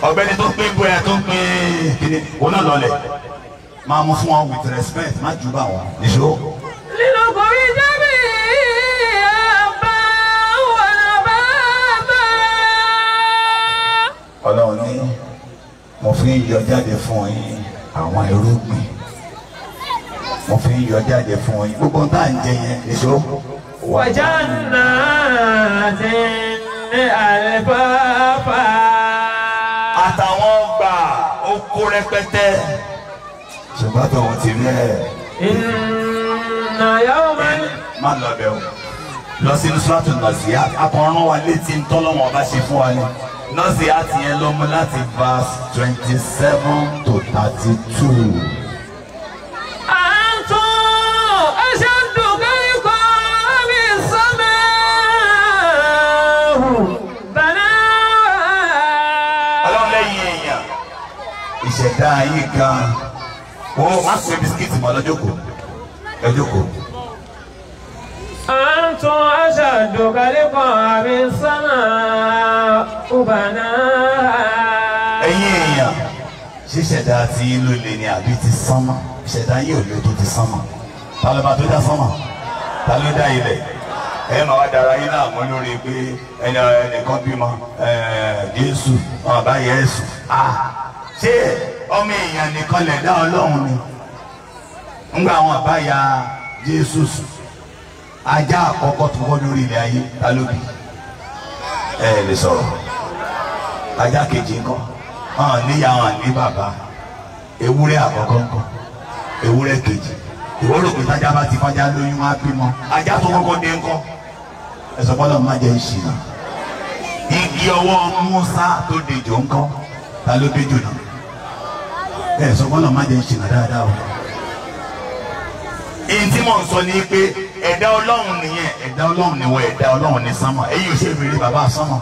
ọ̀gbẹ́ni tó pín bóyá tó pín kíni náà lọlẹ̀ máa mú fún wọn with respect má jù bá wọn. níṣó. lílo kò rí jẹ́. ọlọ́run ní mo fi ń yọ jáde fún yín àwọn irúgbìn mo fi ń yọ jáde fún yín gbogbo tá à ń jẹ yẹn nìṣó. wàjà náà ti ní àlùfáàfà. àtàwọn ọgbà oko rẹpẹtẹ. ṣùgbọ́n tòun ti rí ẹ̀. ìnà yóò máa. má lọ bẹ̀ o lọ sínú sọ́ọ̀tún lọ sí akọrin wa létí ntọ́lọ́wọ́n ọba ṣe fún wa ni nọ́ọ̀sì àti yẹn ló mú láti verse twenty seven to thirty two. ìṣẹ̀dá yìí kan ó má ṣe bisikíìtì mọ́ lọ́jọ́ kò lọ́jọ́ kò. أنتم أشد خلقا من السماء بناها ẹ̀yin èèyàn ṣíṣẹ̀dá tí ló le ni àbí ti sánmà ṣẹ̀dá yìí ò le tó ti sánmà ta ló bá tó dá sánmà ta ló dá ilẹ̀ ẹ máa wá dara yín láàmú lórí pé ẹni ẹnìkan bímọ jésù bàbá yẹsù à ṣé ọmọ èèyàn nìkan lẹ̀dá ọlọ́run ni ńgbà àwọn àbáyà jésù sùn ajá àkọ́kọ́ tó wọ́n lórí ilẹ̀ ayé ta ló bí ẹ lè sọ̀rọ̀ ajá kejì ńkọ́ hàn níyà hàn ní bàbá ewúrẹ́ àkọ́kọ́ ńkọ́ ewúrẹ́ kejì ìwọ rò pé tájá bá ti fájá lóyún á bímọ ajá tó kọ́kọ́ dé ńkọ́ ẹ sọ fọlọ́ má jẹ́ ìṣìnà igi ọwọ́ Musa tó dejò ńkọ́ ta ló dejò náà ẹ sọ fọlọ́ má jẹ́ ìṣìnà dáadáa o èyí tí sọ ni pé ẹ̀dá ọlọ́run nìyẹn ẹ̀dá ọlọ́run nìwọ ẹ̀dá ọlọ́run ní sánmà èyí ò ṣe ìbèrè bàbá sánmà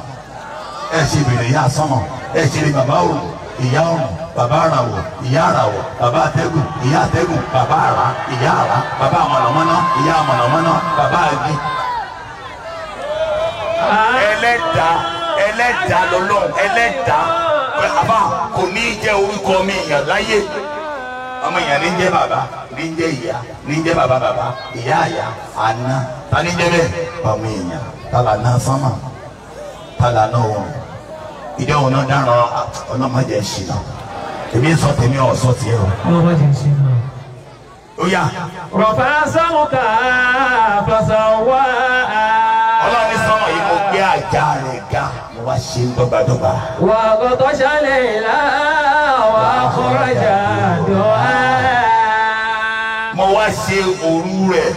ẹ̀ ṣe ìbèrè ìyá sánmà ẹ̀ ṣe ìbèrè bàbá òrùn ìyá ọ̀run bàbá àràwọ̀ ìyá àràwọ̀ bàbá àtẹ́gùn ìyá àtẹ́gùn bàbá àrá ìyá àrá bàbá mọ̀nàmọ́ná ìyá mọ̀nàmọ́ná bàbá àgbì. ẹlẹ́dà ẹlẹ́dà lọ́lọ́run ẹlẹ́dà àbá kò ní í jẹ́ orúkọ mi ìyàn láyé ọmọ èèyàn ní jẹ́ bàbá ní jẹ́ ìyá ní jẹ́ bàbá bàbá ìyá àyà àná ta ní jẹ́ bẹ́ẹ̀ ọmọ èèyàn tala náà sánmà tala náà wọn ìjọ wọn náà dáná ọlọ́mọdé ṣìnà èmi ń sọ tèmi ọ̀sọ́ tiẹ̀ o. ọlọ́mọdé ṣìnà. ó yà. rọ̀fà sáwùkà fàṣà wá. ọlọ́run sọ̀rọ̀ yìí mo gbé àjà rẹ̀ ga mo wá ṣe ń dọ́gbadọ́gba. wà á gbọ́dọ̀ ṣẹlẹ̀ ìlà. ṣe òru rẹ̀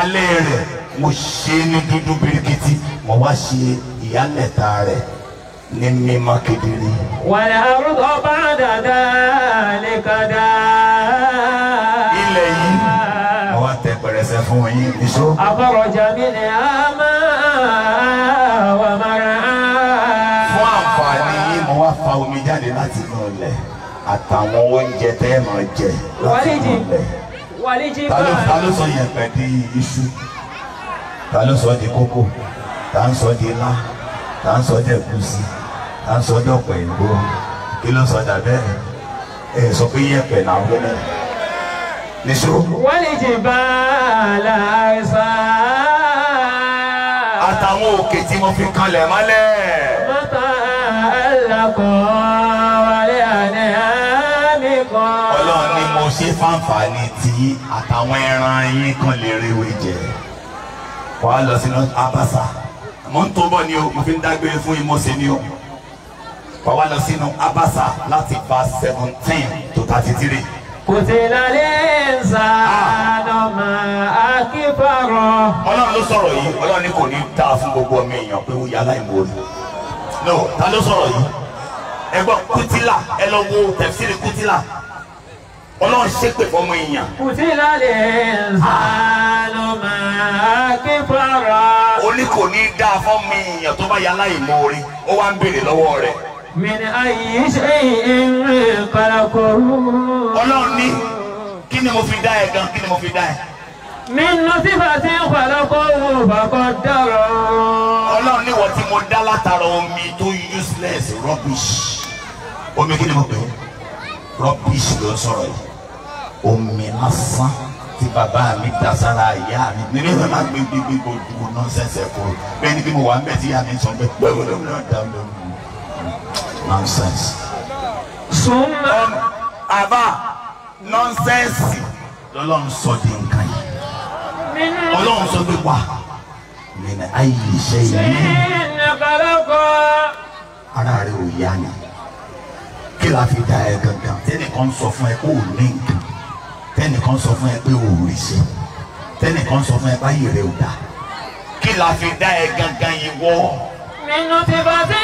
alẹ́ rẹ̀ mo ṣe ní dúdú birikiti mo wá ṣe ìyálẹ̀ta rẹ̀ ní mímọ́ kedere. wàlẹ̀ arúgbó bá dàda lè kọ́dá. ilẹ̀ yìí mo wá tẹ pẹrẹsẹ fún yín níṣó. àfọ̀rọ̀jà mi ni a máa wà mara. fún àǹfààní yìí mo wá fa omi jáde láti inú ilẹ̀ àtàwọn oúnjẹ tẹ́ ẹ máa jẹ láti inú ilẹ̀ ta ló sọ yẹ̀pẹ̀ di iṣu ta ló sọ di kókò ta ń sọ di ilá ta ń sọ di ẹ̀gúsí ta ń sọ di ọ̀pẹ̀ ìgbó kí ló sọ dà bẹ́ẹ̀ ẹ̀ sọ pé yẹ̀pẹ̀ làwọn gbẹ́mẹ̀ níṣó. wọ́n jẹ bá a àtàwọn òkè tí mo fi kanlẹ̀ mọ́lẹ̀. mọ́tà alákọ̀ọ́ wálé àná mi kan. ọlọ́run ni mo ṣe fáǹfààní yín àtàwọn ẹran yín kan lè rewé jẹ wàá lọ sínú abasa mọ̀ ń tó bọ̀ ni o mo fi ń dágbére fún ìmọ̀ọ́sẹ̀ ni o wàá wá lọ sínú abasa láti verse seventeen to thirty three. kùtìlà lè sa ah. àdọ́mà akíbarọ̀. ọlọ́run ló sọ̀rọ̀ yìí ọlọ́run ní kò ní dáa fún gbogbo ọmọ èèyàn pé ó yà aláìmoore no ta ló sọ̀rọ̀ yìí ẹ gbọ́ kùtìlà ẹ lọ wo tẹ̀síìrì kùtìlà ọlọ́run ṣépè fọmọ èèyàn. kùtì lálẹ́ ṣàlùmọ́ kí fọ́rọ̀. ó kò ní í fọmọ èèyàn tó bá yà láìmoore ó wá ń béèrè lọ́wọ́ rẹ̀. min ayyi shay'in khalaqahu. ọlọ́run ní kí ni mo fi dá ẹ gan kí ni mo fi dá ẹ. min nutfatin khalaqahu faqaddara. ọlọ́run ní wọ́n ti mo dá látara omi tó useless rubbish omi kí ni mo pè é rubbish ló ń sọ̀rọ̀ yìí omi asán tí bàbá mi dà sára ìyá mi nínú ìwé máa gbé gbégbé gbogbo nọ́ọ̀sẹ̀sẹ̀ kó bẹ́ẹ̀ ni bí mo wà ń bẹ̀ tí ìyá mi sọ pé gbẹ́wò lóun náà dá lóun nonsense. Súnmọ́ àbá nọ́nsẹ́ǹsì lọ́lọ́run sọ di nǹkan yìí. Ọlọ́run sọ pé wà nínú ayé iṣẹ́ yìí. Ara rẹ̀ ò yá ni. Kí la fi da ẹ gangan? Tẹ́lẹ̀ sọ fún ẹ kó o ní nǹkan tẹ́nìkan sọ fún ẹ pé o ò sí tẹ́nìkan sọ fún ẹ báyìí rẹ ò dá kí la fi dá ẹ gangan yìí wọ. nínú ti bàtí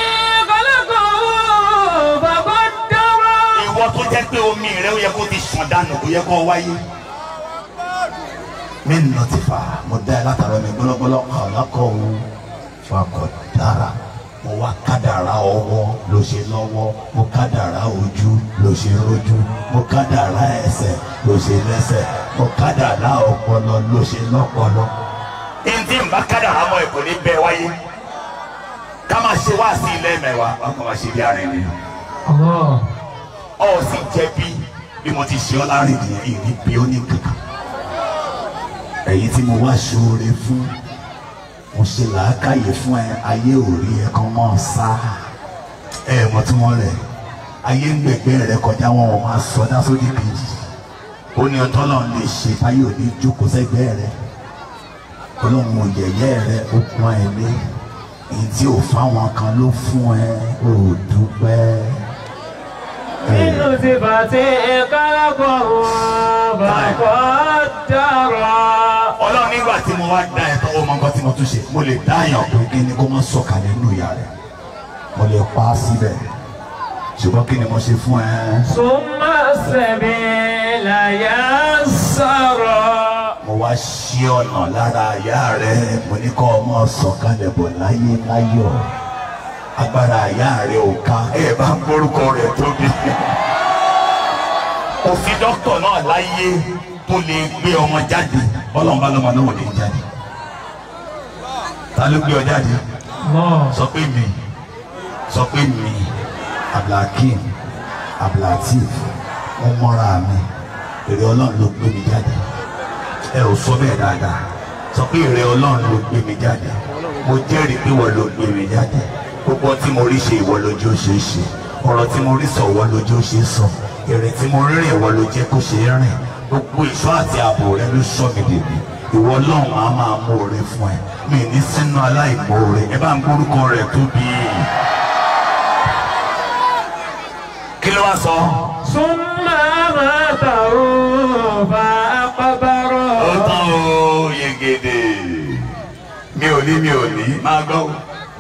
balógun bàbá dọ́rọ̀. ìwọ tó jẹ́ pé omi rẹ ó yẹ kó ti sàn dànù kó yẹ kó wáyé min nọtifa mo da ẹ látara mi gbọlọgbọlọ kọlọkọ wo fakọ dara mo wá kádàrá ọwọ́ ló ṣe lọ́wọ́ mo kádàrá ojú ló ṣe rojú mo kádàrá ẹsẹ̀ ló ṣe lẹ́sẹ̀ mo kádàrá ọpọlọ ló ṣe lọ́pọlọ. ẹni bá kádàrá mọ èkó ní bẹ́ẹ̀ wáyé ká máa ṣe wá sí ilé mẹ́wàá wọn kò máa ṣe bí arìn ni. ọ sì jẹ̀bi bí mo ti ṣe ọ́ láàrin ìdí bí ó ní kankan. èyí tí mo wá ṣoore fún mo ṣe làákàyè fún ẹ ayé ò rí ẹ kàn mọ́ sá ẹ mọ̀ tí wọ́n rẹ̀ ayé ń gbẹ̀gbẹ́ rẹ kọjá wọn ò máa sọdá sódì kejì ó ní ọtọ́ náà lè ṣe táyé ò jókòó sẹ́gbẹ́ rẹ olóhùn òyẹ̀yẹ́ rẹ ó pọn ẹ lé èyí tí ò fáwọn kan ló fún ẹ ò dúpẹ́. nínú ti bàtí ẹ̀ka wọn bàkọ́ dára. ọlọ́run nígbà tí mo wá dá ẹ̀ka nǹkan tí mo tún ṣe mo lè dáyàn pé kí ni kó má sọ̀kalẹ̀ nù ìyá rẹ̀ mo lè pa á síbẹ̀ ṣùgbọ́n kí ni mo ṣe fún ẹ. súnmọ́ sẹ́mi làyà sọ̀rọ̀. mo wá ṣí ọ̀nà lára ìyá rẹ̀ mo ní kó ọmọ sọ̀kalẹ̀ bọ̀ láyé láyọ̀ agbára ìyá rẹ̀ ò ká ẹ bá ń gbórúkọ rẹ̀ tóbi kò sí dókítà náà láyé tó lè gbé ọmọ jáde ọlọ́run bá lọ́mọ náà ò lè jáde ta ló gbé ọ jáde sọ pé mi sọ pé mi abdulhakeem abdulhateef mo mọ́ra mi èrè ọlọ́run ló gbé mi jáde ẹ ò sọ bẹ́ẹ̀ dáadáa sọ pé èrè ọlọ́run ló gbé mi jáde mo jẹ́rìí pé ìwọ ló gbé mi jáde gbogbo tí mo rí ṣe ìwọ lójú ó ṣe é ṣe ọ̀rọ̀ tí mo rí sọ ìwọ lójú ó ṣe é sọ èrè tí mo rí rìn ìwọ ló jẹ́ kó ṣe é rìn gbogbo ìṣọ́ àti ààbò rẹ ló ṣọ́ mi dèbí ìwọ Ọlọ́run á máa mú oore fún ẹ mi ní sínú aláìmoore ẹ bá ń gbórúkọ rẹ tóbi. kí ló wá sọ. súnmọ́ máa ó bá a pa bárọ̀. ó tán o yegede mi ò ní mi ò ní máa gbọ́ o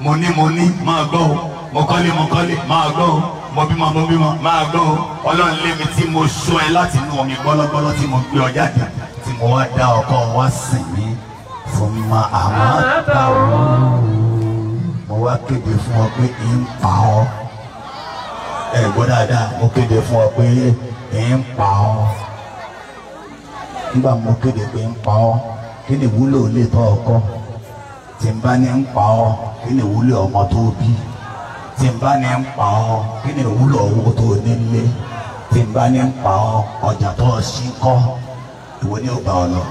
mo ní mo ní máa gbọ́ o mo kọ́lé mo kọ́lé máa gbọ́ o mo bímọ mo bímọ máa gbọ́ o ọlọ́run lé mi tí mo sọ ẹ láti inú omi gbọ́lọ́gbọ́lọ́ tí mo gbé ọ jáde mo wá dá ọkọ wá sìn mí fún ma àmọ́ àtàwọn mo wá kéde fún ọ pé ń pa ọ ẹ gbọ́ dáadáa mo kéde fún ọ pé ń pa ọ nígbà mo kéde pé ń pa ọ kí ni ìwúlò lè tọ́ ọkọ tí n bá ní ń pa ọ kí ni ìwúlò ọmọ tó bí tí n bá ní ń pa ọ kí ni ìwúlò owó tó nílé tí n bá ní ń pa ọ ọjà tó ṣí kọ́ ìwọ ni ọba ọ lọ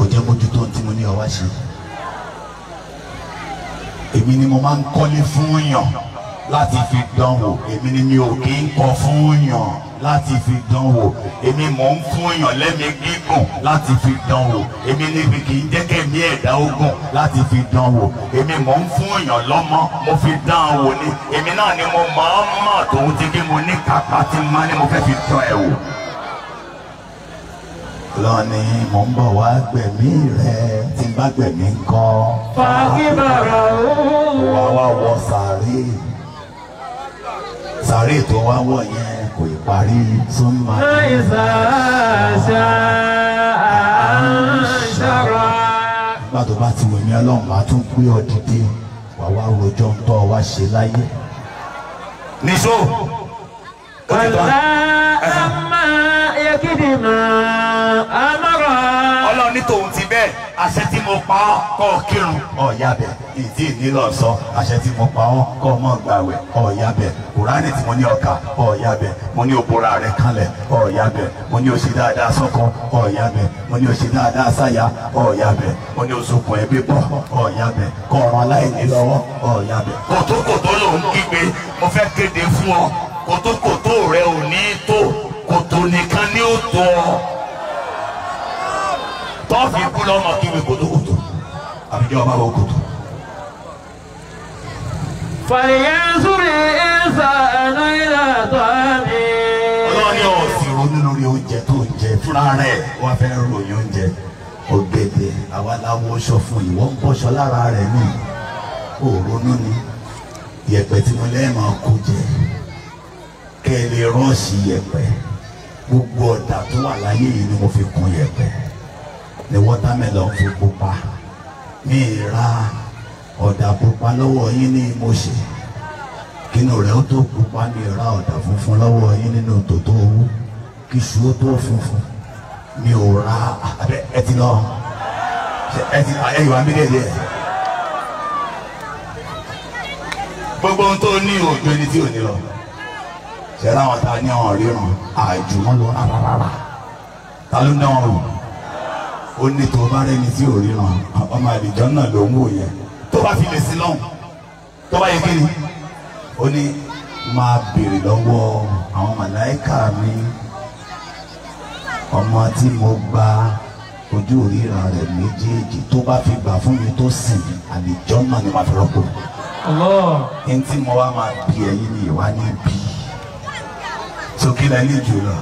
ò jẹ́ mójútó mo ní ọ wá ṣe èmi ni mo máa ń kọ́lé fún yàn láti fi dánwò èmi ni mi ò kí ń kọ́ fún yàn láti fi dánwò èmi mò ń fún yàn lẹ́mi gígùn láti fi dánwò èmi níbi kì í jẹ́ kẹ́mi ẹ̀dá ogun láti fi dánwò èmi mò ń fún yàn lọ́mọ mo fi dánwò ni èmi náà ni mo máa ń mọ̀ tòun ti kí mo ní kápá tí mo máa ní mo fẹ́ fi tán ẹ̀ wò lọ́ni mò ń bọ̀ wá gbẹ̀mí rẹ̀ tí n bá gbẹ̀mí ńkọ́. fàákìbàrà ooo. wà wá wọ sàárè sàárè tó wá wọ̀ yẹn kò ì parí súnmọ́. láìsà ṣá àṣàrà. nígbà tó bá ti wò mí ọlọ́run máa tún gbé ọ dìde wà wá rojọ́ ń tọ́ wá ṣe láyé. níṣó. kàlá àmì kìdì máa amọ́rọ̀. ọlọ́run ní tòun ti bẹ́ẹ̀ àṣẹ tí mo pa ọ́ kọ́ kírun ọ̀ọ́yà ìdí ìdí àṣẹ tí mo pa ọ́ kọ́ mọ́ gbàwẹ̀ ọ̀ọ́yà kùránì tí mo ní ọ̀ka ọ̀ọ́yà mo ní òbúra rẹ̀ kanlẹ̀ ọ̀ọ́yà mo ní oṣù dáadáa sọ́kọ ọ̀ọ́yà mo ní oṣù dáadáa sáyà ọ̀ọ́yà mo ní oṣù kan ẹbí bọ̀ ọ̀ọ́yà bẹ̀ aláìní lọ́wọ́ ọ̀ọ́yà kòtòkòtò lòún kígbe mo fẹ́ kéde fún ọ kòtòkòtò rẹ ò ní tó kòtò nìkan ni ó tó ọ tọ́ọ̀fì kú lọ́mọ kíbi kòtòkòtò àbíjọ ọba wọ kòtò. fàlìyànsúrì ẹ̀sà àná ìlà tó àmì. ọlọ́ni ò sì ronú lórí oúnjẹ tó ń jẹ fúnra rẹ̀ wọ́n fẹ́ ròyìn oúnjẹ ọ̀gẹ̀dẹ̀ àwa làwọn ọṣọ fún ìwọ ń bọ́ṣọ lára rẹ̀ nù ó ni yẹ̀pẹ̀ tí mo lẹ́ẹ̀ máa kó jẹ kẹ́ lè rọ́ọ̀ṣì yẹ̀pẹ̀ gbogbo ọ̀dà tó wà láyé yìí ni mo fi kún yẹ̀pẹ̀ ni watermelon fi pupa mi ra ọ̀dà pupa lọ́wọ́ yín ní mo ṣe kínú rẹ̀ ó tó pupa mi ra ọ̀dà funfun lọ́wọ́ yín nínú tòótọ́ owó kíṣu ó tó funfun mi ò ra ẹ ti lọ ẹ ti ẹ ìwà mi lè lè. gbogbo ohun tó ní òjò ẹni tí ò ní lọ sẹ́lá àwọn tá a ní àwọn ríran àjùmọ́ lọ rárára ta ló dán wọn o ní tó o bá rẹni tí ò ríran ọmọ àlejò náà ló ń wò yẹn tó bá fi lè sí lọ́hùn tó bá yẹ kí ni ó ní máa béèrè lọ́wọ́ àwọn màláìka mi ọmọ tí mo gba ojú ríran rẹ̀ méjèèjì tó bá fi gbà fún mi tó sìn àlejò náà ni màá fi rọ́pò. ẹ̀ ń tí mo wá máa bí ẹyin ni ìwà ní bí sókè la ilé ìjòyè lọ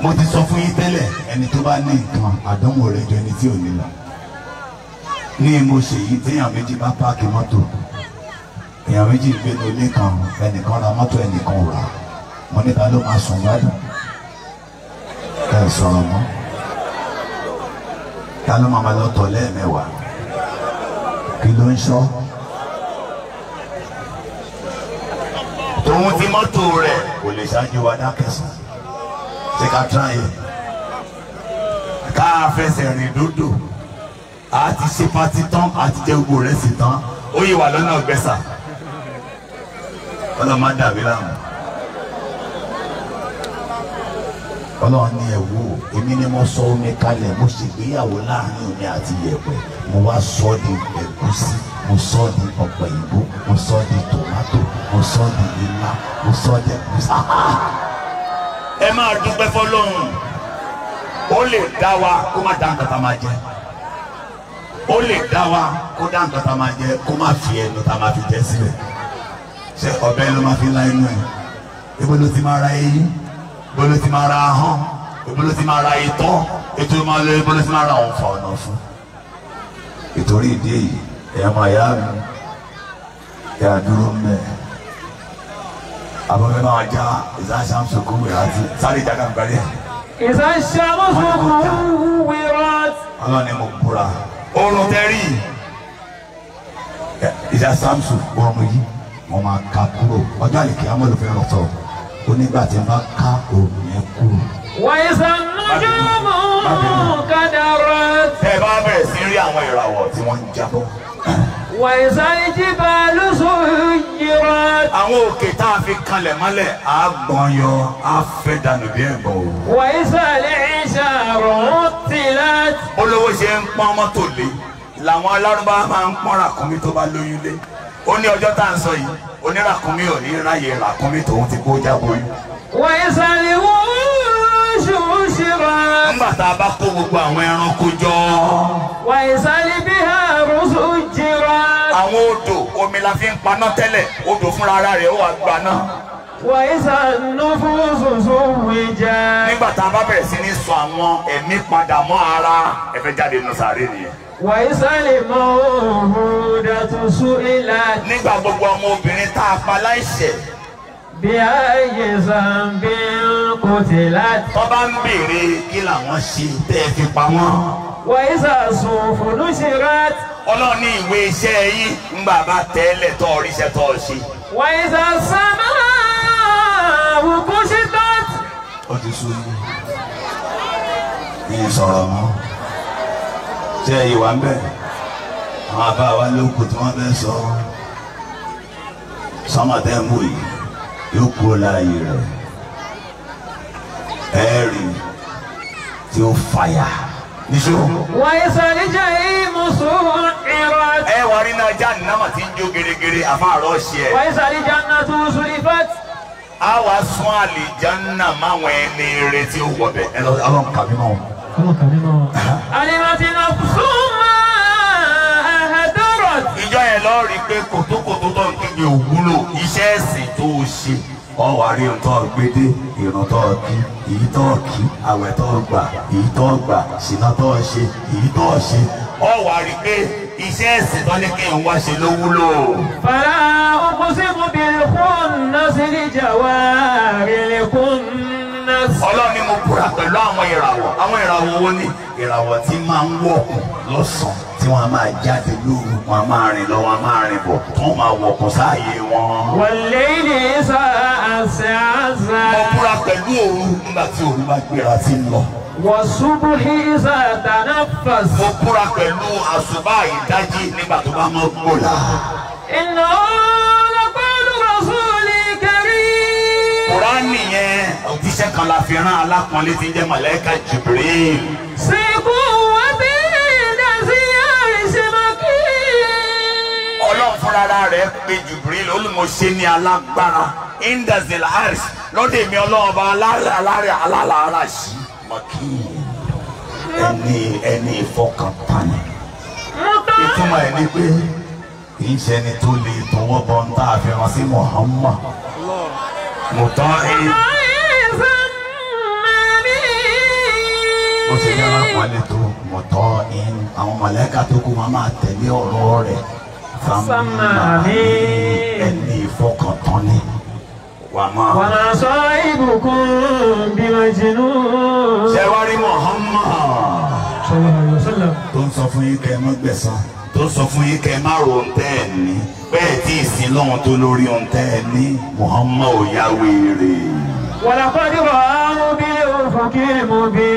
mo ti sọ fún yín tẹ́lẹ̀ ẹni tó bá ní nǹkan àdánwò rẹ̀ jọ ẹni tí ò ní lọ ní mo ṣe yìí téèyàn méjì bá páàkì mọ́tò èèyàn méjì gbé ní ilé kan ẹnìkan ra mọ́tò ẹnìkan rà mo níta ló máa sùn gbádùn ẹ sọ̀rọ̀ mọ́ ta ló máa ma lọ tọ̀ lẹ́ẹ̀mẹ́wàá kí ló ń ṣọ́. tòun ti mọ́tò rẹ̀ kò lè ṣáájú wa dákẹ́sàn ṣé ká tán yẹn ká fẹsẹ̀ rìn dòdò a ti ṣe pati tán a ti jẹ gbogbo rẹ̀ sí tán ó yẹ wà lọ́nà ọgbẹ́sà ọlọ́mọdé àbí ọlọ́run ní ẹ̀wò èmi ni mo sọ omi kalẹ̀ mo ṣègbéyàwó láàrin omi àti yẹ̀pẹ̀ mo wá sọ di ẹ̀gúsí mo sọ di ọ̀pẹ̀ ìbò mo sọ di tòmátò mo sọ di ilá mo sọ di ẹ̀gúsí. Ah, ah! ẹ máa dúpẹ́ fọlọ́run ó lè dá wa kó má dá nǹkan tá a máa jẹ ó lè dá wa kó dá nǹkan tá a máa jẹ kó má fi ẹnu tá a máa fi jẹ sílẹ̀ ṣe ọ̀bẹ ló máa fi la inú ẹ̀ ebo ti máa ra eyín bolo ti máa ra ahọ́n bolo ti máa ra itọ́ ètò máa lọ bolo ti máa ra àwọn fàánà fún. ìtorí ìdí èyí ẹ̀yà máa yá mi ẹ̀yà dúró mẹ́ abọ́fẹ́ máa já ìsáṣà ń sọkú wíwá ti sáré ìjà kan gbálẹ̀. ìsáṣà ń sọkú wíwá. ọlọ́ni mo kúra oorun tẹ́rì ìsáṣà ń sọkú yìí wọ́n máa ka kúrò ọjọ́ àlèkè amọ̀lùfẹ́ rọ̀ ó nígbà tí wọ́n ká òògùn yẹn kúrò. wàyísàn lójúmọ́ kádàrá. ẹ bá bẹ̀rẹ̀ sí rí àwọn ìràwọ̀ tí wọ́n ń jábọ́. wàyísàn ìjìbá lóṣù yìírọ̀. àwọn òkè tá a fi kanlẹ̀ mọ́lẹ̀ á gbọ́n á fẹ́ dànù bí ẹ̀bọ̀ o. wàyísàn lè ṣàrọ̀ tìlá. olówó ṣe ń pọ́n mọ́tò lé làwọn alárúbá máa ń pọ́n ràkúnmí tó bá lóyún lé ó ní ọjọ́ tá à ń sọ yìí oníràkúnmí ò ní ráyè ràkúnmí tòun ti kó jábọ̀ yìí. wọ́n yẹ sáré wọ́n nígbà tá a bá kó gbogbo àwọn ẹranko jọ. wọ́n yẹ sáré bí àrùsù jìrọ. àwọn odò omi la fi ń paná tẹ́lẹ̀ odò fúnra ara rẹ̀ ó wà gbaná nígbà tá a bá bẹ̀rẹ̀ sí ní sọ àwọn ẹ̀mí padà mọ́ ara ẹ jáde nù sàárè nìyẹn wàísàlẹ̀ mọ́ òhun dàtúnṣú ìlà. nígbà gbogbo ọmọ obìnrin tá a pa láìṣẹ̀. bí ayé zambi kò tè láti. wọ́n bá ń béèrè kí làwọn ṣe tẹ́ ẹ fi pa wọ́n. wàísà sùn fòlù ṣe rát. ọlọ́run ní ìwé iṣẹ́ yìí ń bàbá tẹ́lẹ̀ tọ́ oríṣẹ́ tọ́ ọ ṣe. wàísà sábà òkú ṣe tọ́t. ó ti sún mi. mi mọ́ tẹ ìwà ń bẹ àwọn àbá wa lóko tí wọ́n fẹ́ sọ sọmọtẹ́mù yìí yóò kúrò láàyè rẹ̀ ẹ̀rì tí ó fàyà níṣó. wàyí sọ̀rọ̀ jẹ́ ìmùsùn ìrọ̀. ẹ wà rí náà já nàmà tí ń jó gèrègèrè àfàrọ̀ ṣe ẹ. wàyí sọ̀rọ̀ jẹ́ náà tó ń sori fat. a wá sún àlìjánnà máwọn ẹni retí ó wọ̀ bẹ̀. ẹ lọ àwọn kàbí máa wọn alimatina suma hadurot. ìjọ yẹn lọ rí i pé kòtòkòtò tó ń kíni òwúlò iṣẹ́ ẹ̀sìn tó o ṣe ọwọ́ àrí ntọ́ gbédé ìrùn tọ́ kí èyí tọ́ kí àwẹ̀ tọ́ gbà èyí tọ́ gbà ṣìnà tọ́ ṣe èyí tọ́ ṣe. ọwọ́ àrí pé iṣẹ́ ẹ̀sìn tó ní kí n wá ṣe ló wúlò. fara ọkùnrin sí mo bèrè fún nọ́ọ̀sì níjà wá ọlọ́run ni mo búra pẹ̀lú àwọn ìràwọ̀ àwọn ìràwọ̀ wo ni ìràwọ̀ tí máa ń wọ̀kùn lọ́sàn-án tí wọ́n á máa jáde lóru wọn á máa rìn lọ wọn á máa rìn bọ̀ tí máa wọ̀kùn sáàyè wọn. wọlé ní sá àṣẹ àṣà. mo búra pẹ̀lú òru nígbà tí òru bá gbéra tí ń lọ. wọ̀ṣubú hísà dáná fàṣ. mo búra pẹ̀lú àṣùbà ìdájí nígbà tó bá mọ́ gbòòlà. ìnáwó lọ́pẹ́ lùrọ̀ sóòlì kẹrí. kùránì yẹn òjíṣẹ́ kan la fi rán alápọ̀nlé tí ń jẹ́ màláíkà Jibril. sèkú wọn bí ìdásí àìsèmọ́kì. ọlọ́run fúnra rẹ̀ pé Jibril olùmọ̀ṣẹ́ ní alágbára indazil ars lọ́dẹ̀ mi ọlọ́run bá alárẹ̀ alárẹ̀ sí. mọ̀kì ẹni ẹni ìfọkànbalẹ̀ ìtumọ̀ ẹni pé kì í ṣe ẹni tó lè tọwọ́ bọ́ ń tá a fi hàn sí Muhammad mùtọ́ ẹ̀. wálé tó mọ̀tọ́ in àwọn mọ̀lẹ́ka tó kù máa máa tẹ̀lé ọ̀rọ̀ rẹ̀ sàmàmì ẹni ìfọkàntán ni. wàmà sọ ibùkún bí màjínú. sẹ́wárí Muhammad tó ń sọ fún yín kẹ́ ẹ mọ́ gbẹ̀san tó sọ fún yín kẹ́ má ro ohun tẹ́ ẹ ní bẹ́ẹ̀ tí ìsìn lọ́hun tó lórí ohun tẹ́ ẹ ní Muhammad ò yá wèrè. wàlàkọ́ dìbò àwọn obìnrin òfò kí mo bí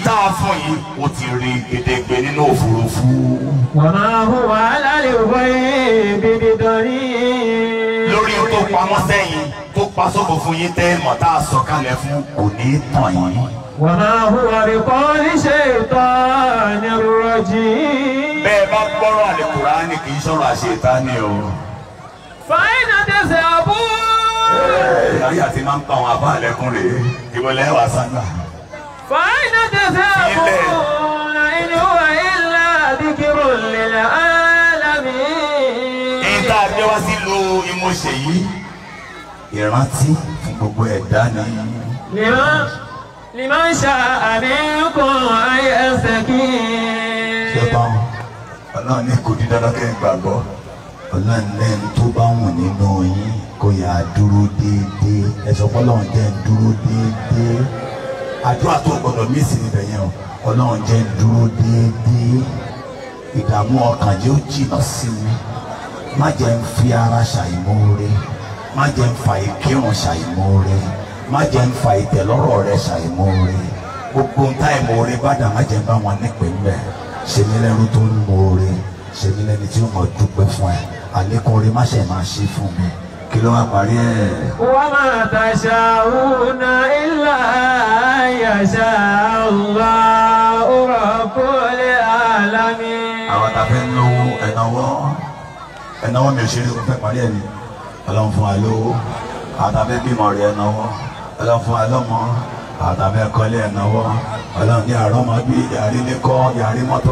tá a fún yìí ó ti rí gbèdégbè nínú òfurufú. wàmà hùwà alálẹ̀ òwe bèbè dọ̀rí. lórí tó pamọ́ sẹ́yìn tó pa sóko fún yín tẹ́ mọ̀ tá a sọ kalẹ̀ fún kò ní tàn yín. wàmà hùwà bẹ̀kọ́ níṣẹ́ ìtọ́ ní rọ̀jì. bẹ́ẹ̀ bá gbọ́rọ̀ àlùkùránì kì í sọ̀rọ̀ àṣetánì o. fàyínà tẹ̀sẹ̀ àbú. ayé àti máa ń pa àwọn àbá àlẹ́kùn rèé kí wọ́n lẹ́wàá sáńgbà. فأين تذهبون إن هو إلا ذكر للعالمين ẹ̀yin tá a gbé wá sí ìlú ìmọ̀ọ́ṣẹ́ yìí ìrántí fún gbogbo ẹ̀dá ni. lèmọ́ ṣá àmínkùn ayé ẹsẹ̀ kí. ṣé báwọn ọlọ́run ní kò dídá lọ́kẹ́ ìgbàgbọ́ ọlọ́run lẹ́nu tó bá wùn nínú yín kó yà á dúró déédéé ẹ̀sọ́ fọlọ́run jẹ́ dúró déédéé àdúrà tó gbọdọ̀ mí sí ibẹ̀ yẹn o ọlọ́run jẹ́ dúró déédéé ìdààmú ọkàn yóò jìnnà sí mi má jẹ́ ń fi ara ṣàìmóore má jẹ́ ń fa ìkírun ṣàìmóore má jẹ́ ń fa ìtẹ̀lọ́rọ̀ rẹ ṣàìmóore gbogbo ń tá ìmóore bá má jẹ́ ń bá wọn nípìn bẹ́ẹ̀ ṣe mí lẹ́rú tó ń móore ṣe mí lẹ́ni tí ó mọ̀ dúpẹ́ fún ẹ àlékún orí má ṣe máa ṣe fún mi kí ló wá parí ẹ̀. wa ma tasha'una illa yasha Allahu rabbul alamin. àwọn tàbí ń lo ẹ̀náwó ẹ̀náwó mi ò ṣe é kó fẹ́ parí ẹ̀ ni ọlọ́run fún wa lówó àtàbí bímọ rẹ̀ ẹ̀náwó ọlọ́run fún wa lọ́mọ àtàbẹ̀ kọ́lé ẹ̀náwó ọlọ́run ní àrọ́mọ bí yàrí lékọ́ yàrí mọ́tò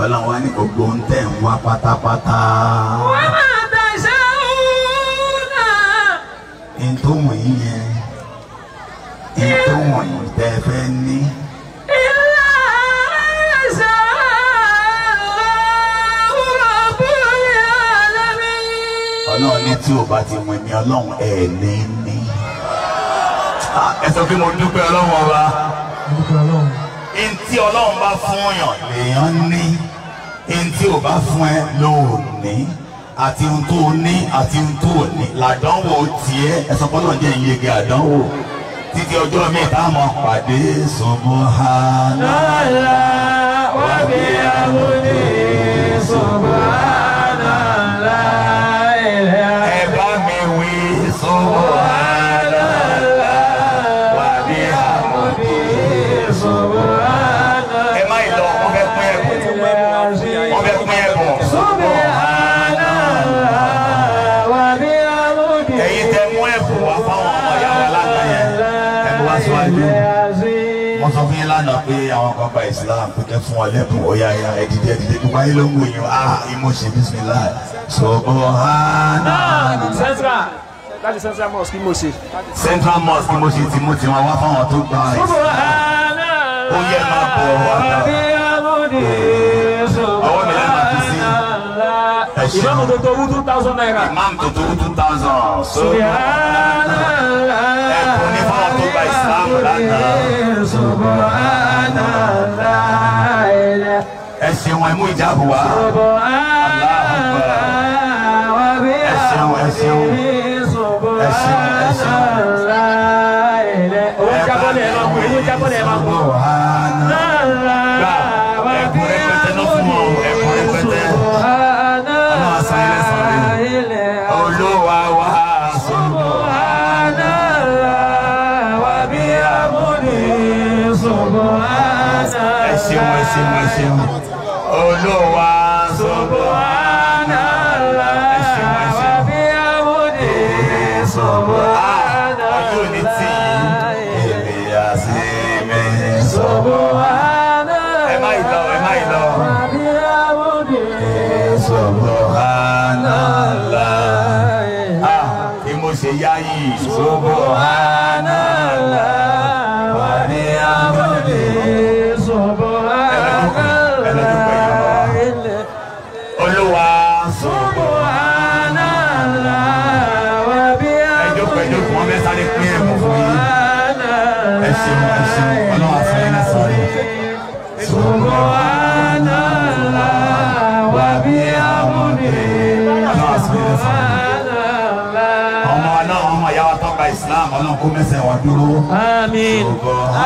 ọlọ́run wá ní gbogbo ń tẹ̀ ń wá pátápátá. wọ́n máa ntòwọ̀n yìí yẹn ntòwọ̀n yìí tẹ́ fẹ́ ní. ọlọ́run ní tí o bá ti wọ̀n mi ọlọ́run ẹ̀ ní ní. Ah, ẹ sọ pé mo dúpẹ́ ọlọ́run ọba ntí ọlọ́run bá fún ọyàn lèèyàn ní ntí ò bá fún ẹ ló ní àti ohun tó ní àti ohun tó ní làdánwò tiẹ̀ ẹ̀sọ́ pọ́nà jẹ́ ìyege àdánwò títí ọjọ́ mi tá a mọ̀ pàdé subhanallah wàbí àmúni subhanallah. wọn lẹ́kùn ọ̀yà ẹ̀yà ẹ̀dìdì ẹ̀dìdì gbogbo ayé ló ń wò yín ah imú ṣe bismillah sọ̀bọ̀ hánà. Ah, central láti central mosque imú ṣe. central mosque imú ṣe ti mú tiwọn wá fáwọn tó gba ẹ̀. sọ̀bọ̀ hánà. ó yẹ máa bọ̀ wàdà. Eh, ọwọ́ mi lẹ́nu àti sí. ìmáàmù tó tó wú two thousand naira. ìmáàmù tó tó wú two thousand. sọ̀bọ̀ hánà. ẹ̀kún ní fáwọn tó gba ìsìlámù lánàá. sọ̀bọ̀ hánà ẹsẹ̀ wọn ẹmú ìjáàbù wá. ẹsẹ̀ wọn ẹsẹ̀ wọn ẹsẹ̀ wọn ẹsẹ̀ wọn. owó jábọ́lẹ̀ ẹ̀ máa kú owó jábọ́lẹ̀ ẹ̀ máa kú. gba ẹ̀kún rẹpẹtẹ náà fún ọ ẹ̀kún rẹpẹtẹ. ọlọ́wà sáyẹn lẹ́sàn-án rẹ̀ olówó wa. Esse é um, esse é um, esse é um. dúró. àmín.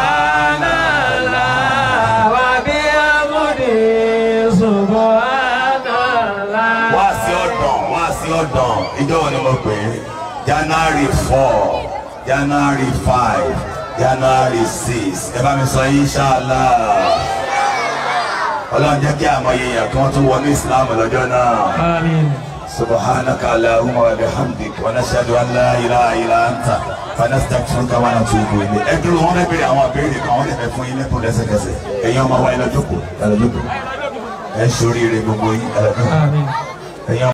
ànàlá wà bí amúdé ṣùgbọ́n ànàlá. wá sí ọ̀dàn wá sí ọ̀dàn ìjọ wo ni January four January five January six ẹ mi sọ inṣàlá ọlọ́run jẹ́ kí àmọ́ yẹn yẹn kan tó wọnú ìsìlámù lọ́jọ́ náà. àmín. subhanaka allahumma bihamdik wa nashhadu an la ilaha illa anta fanastaghfiruka wa natubu ilayk ẹ dúró wọn bẹ bèrè àwọn àbẹ̀rẹ̀ kan wọn lè fẹ́ fún yín lẹ́kùn lẹ́sẹ̀kẹsẹ̀ ẹ̀yin ọmọ wa ẹ lọ jókòó ẹ lọ jókòó ẹ sóríire gbogbo yín ẹ lọ jókòó.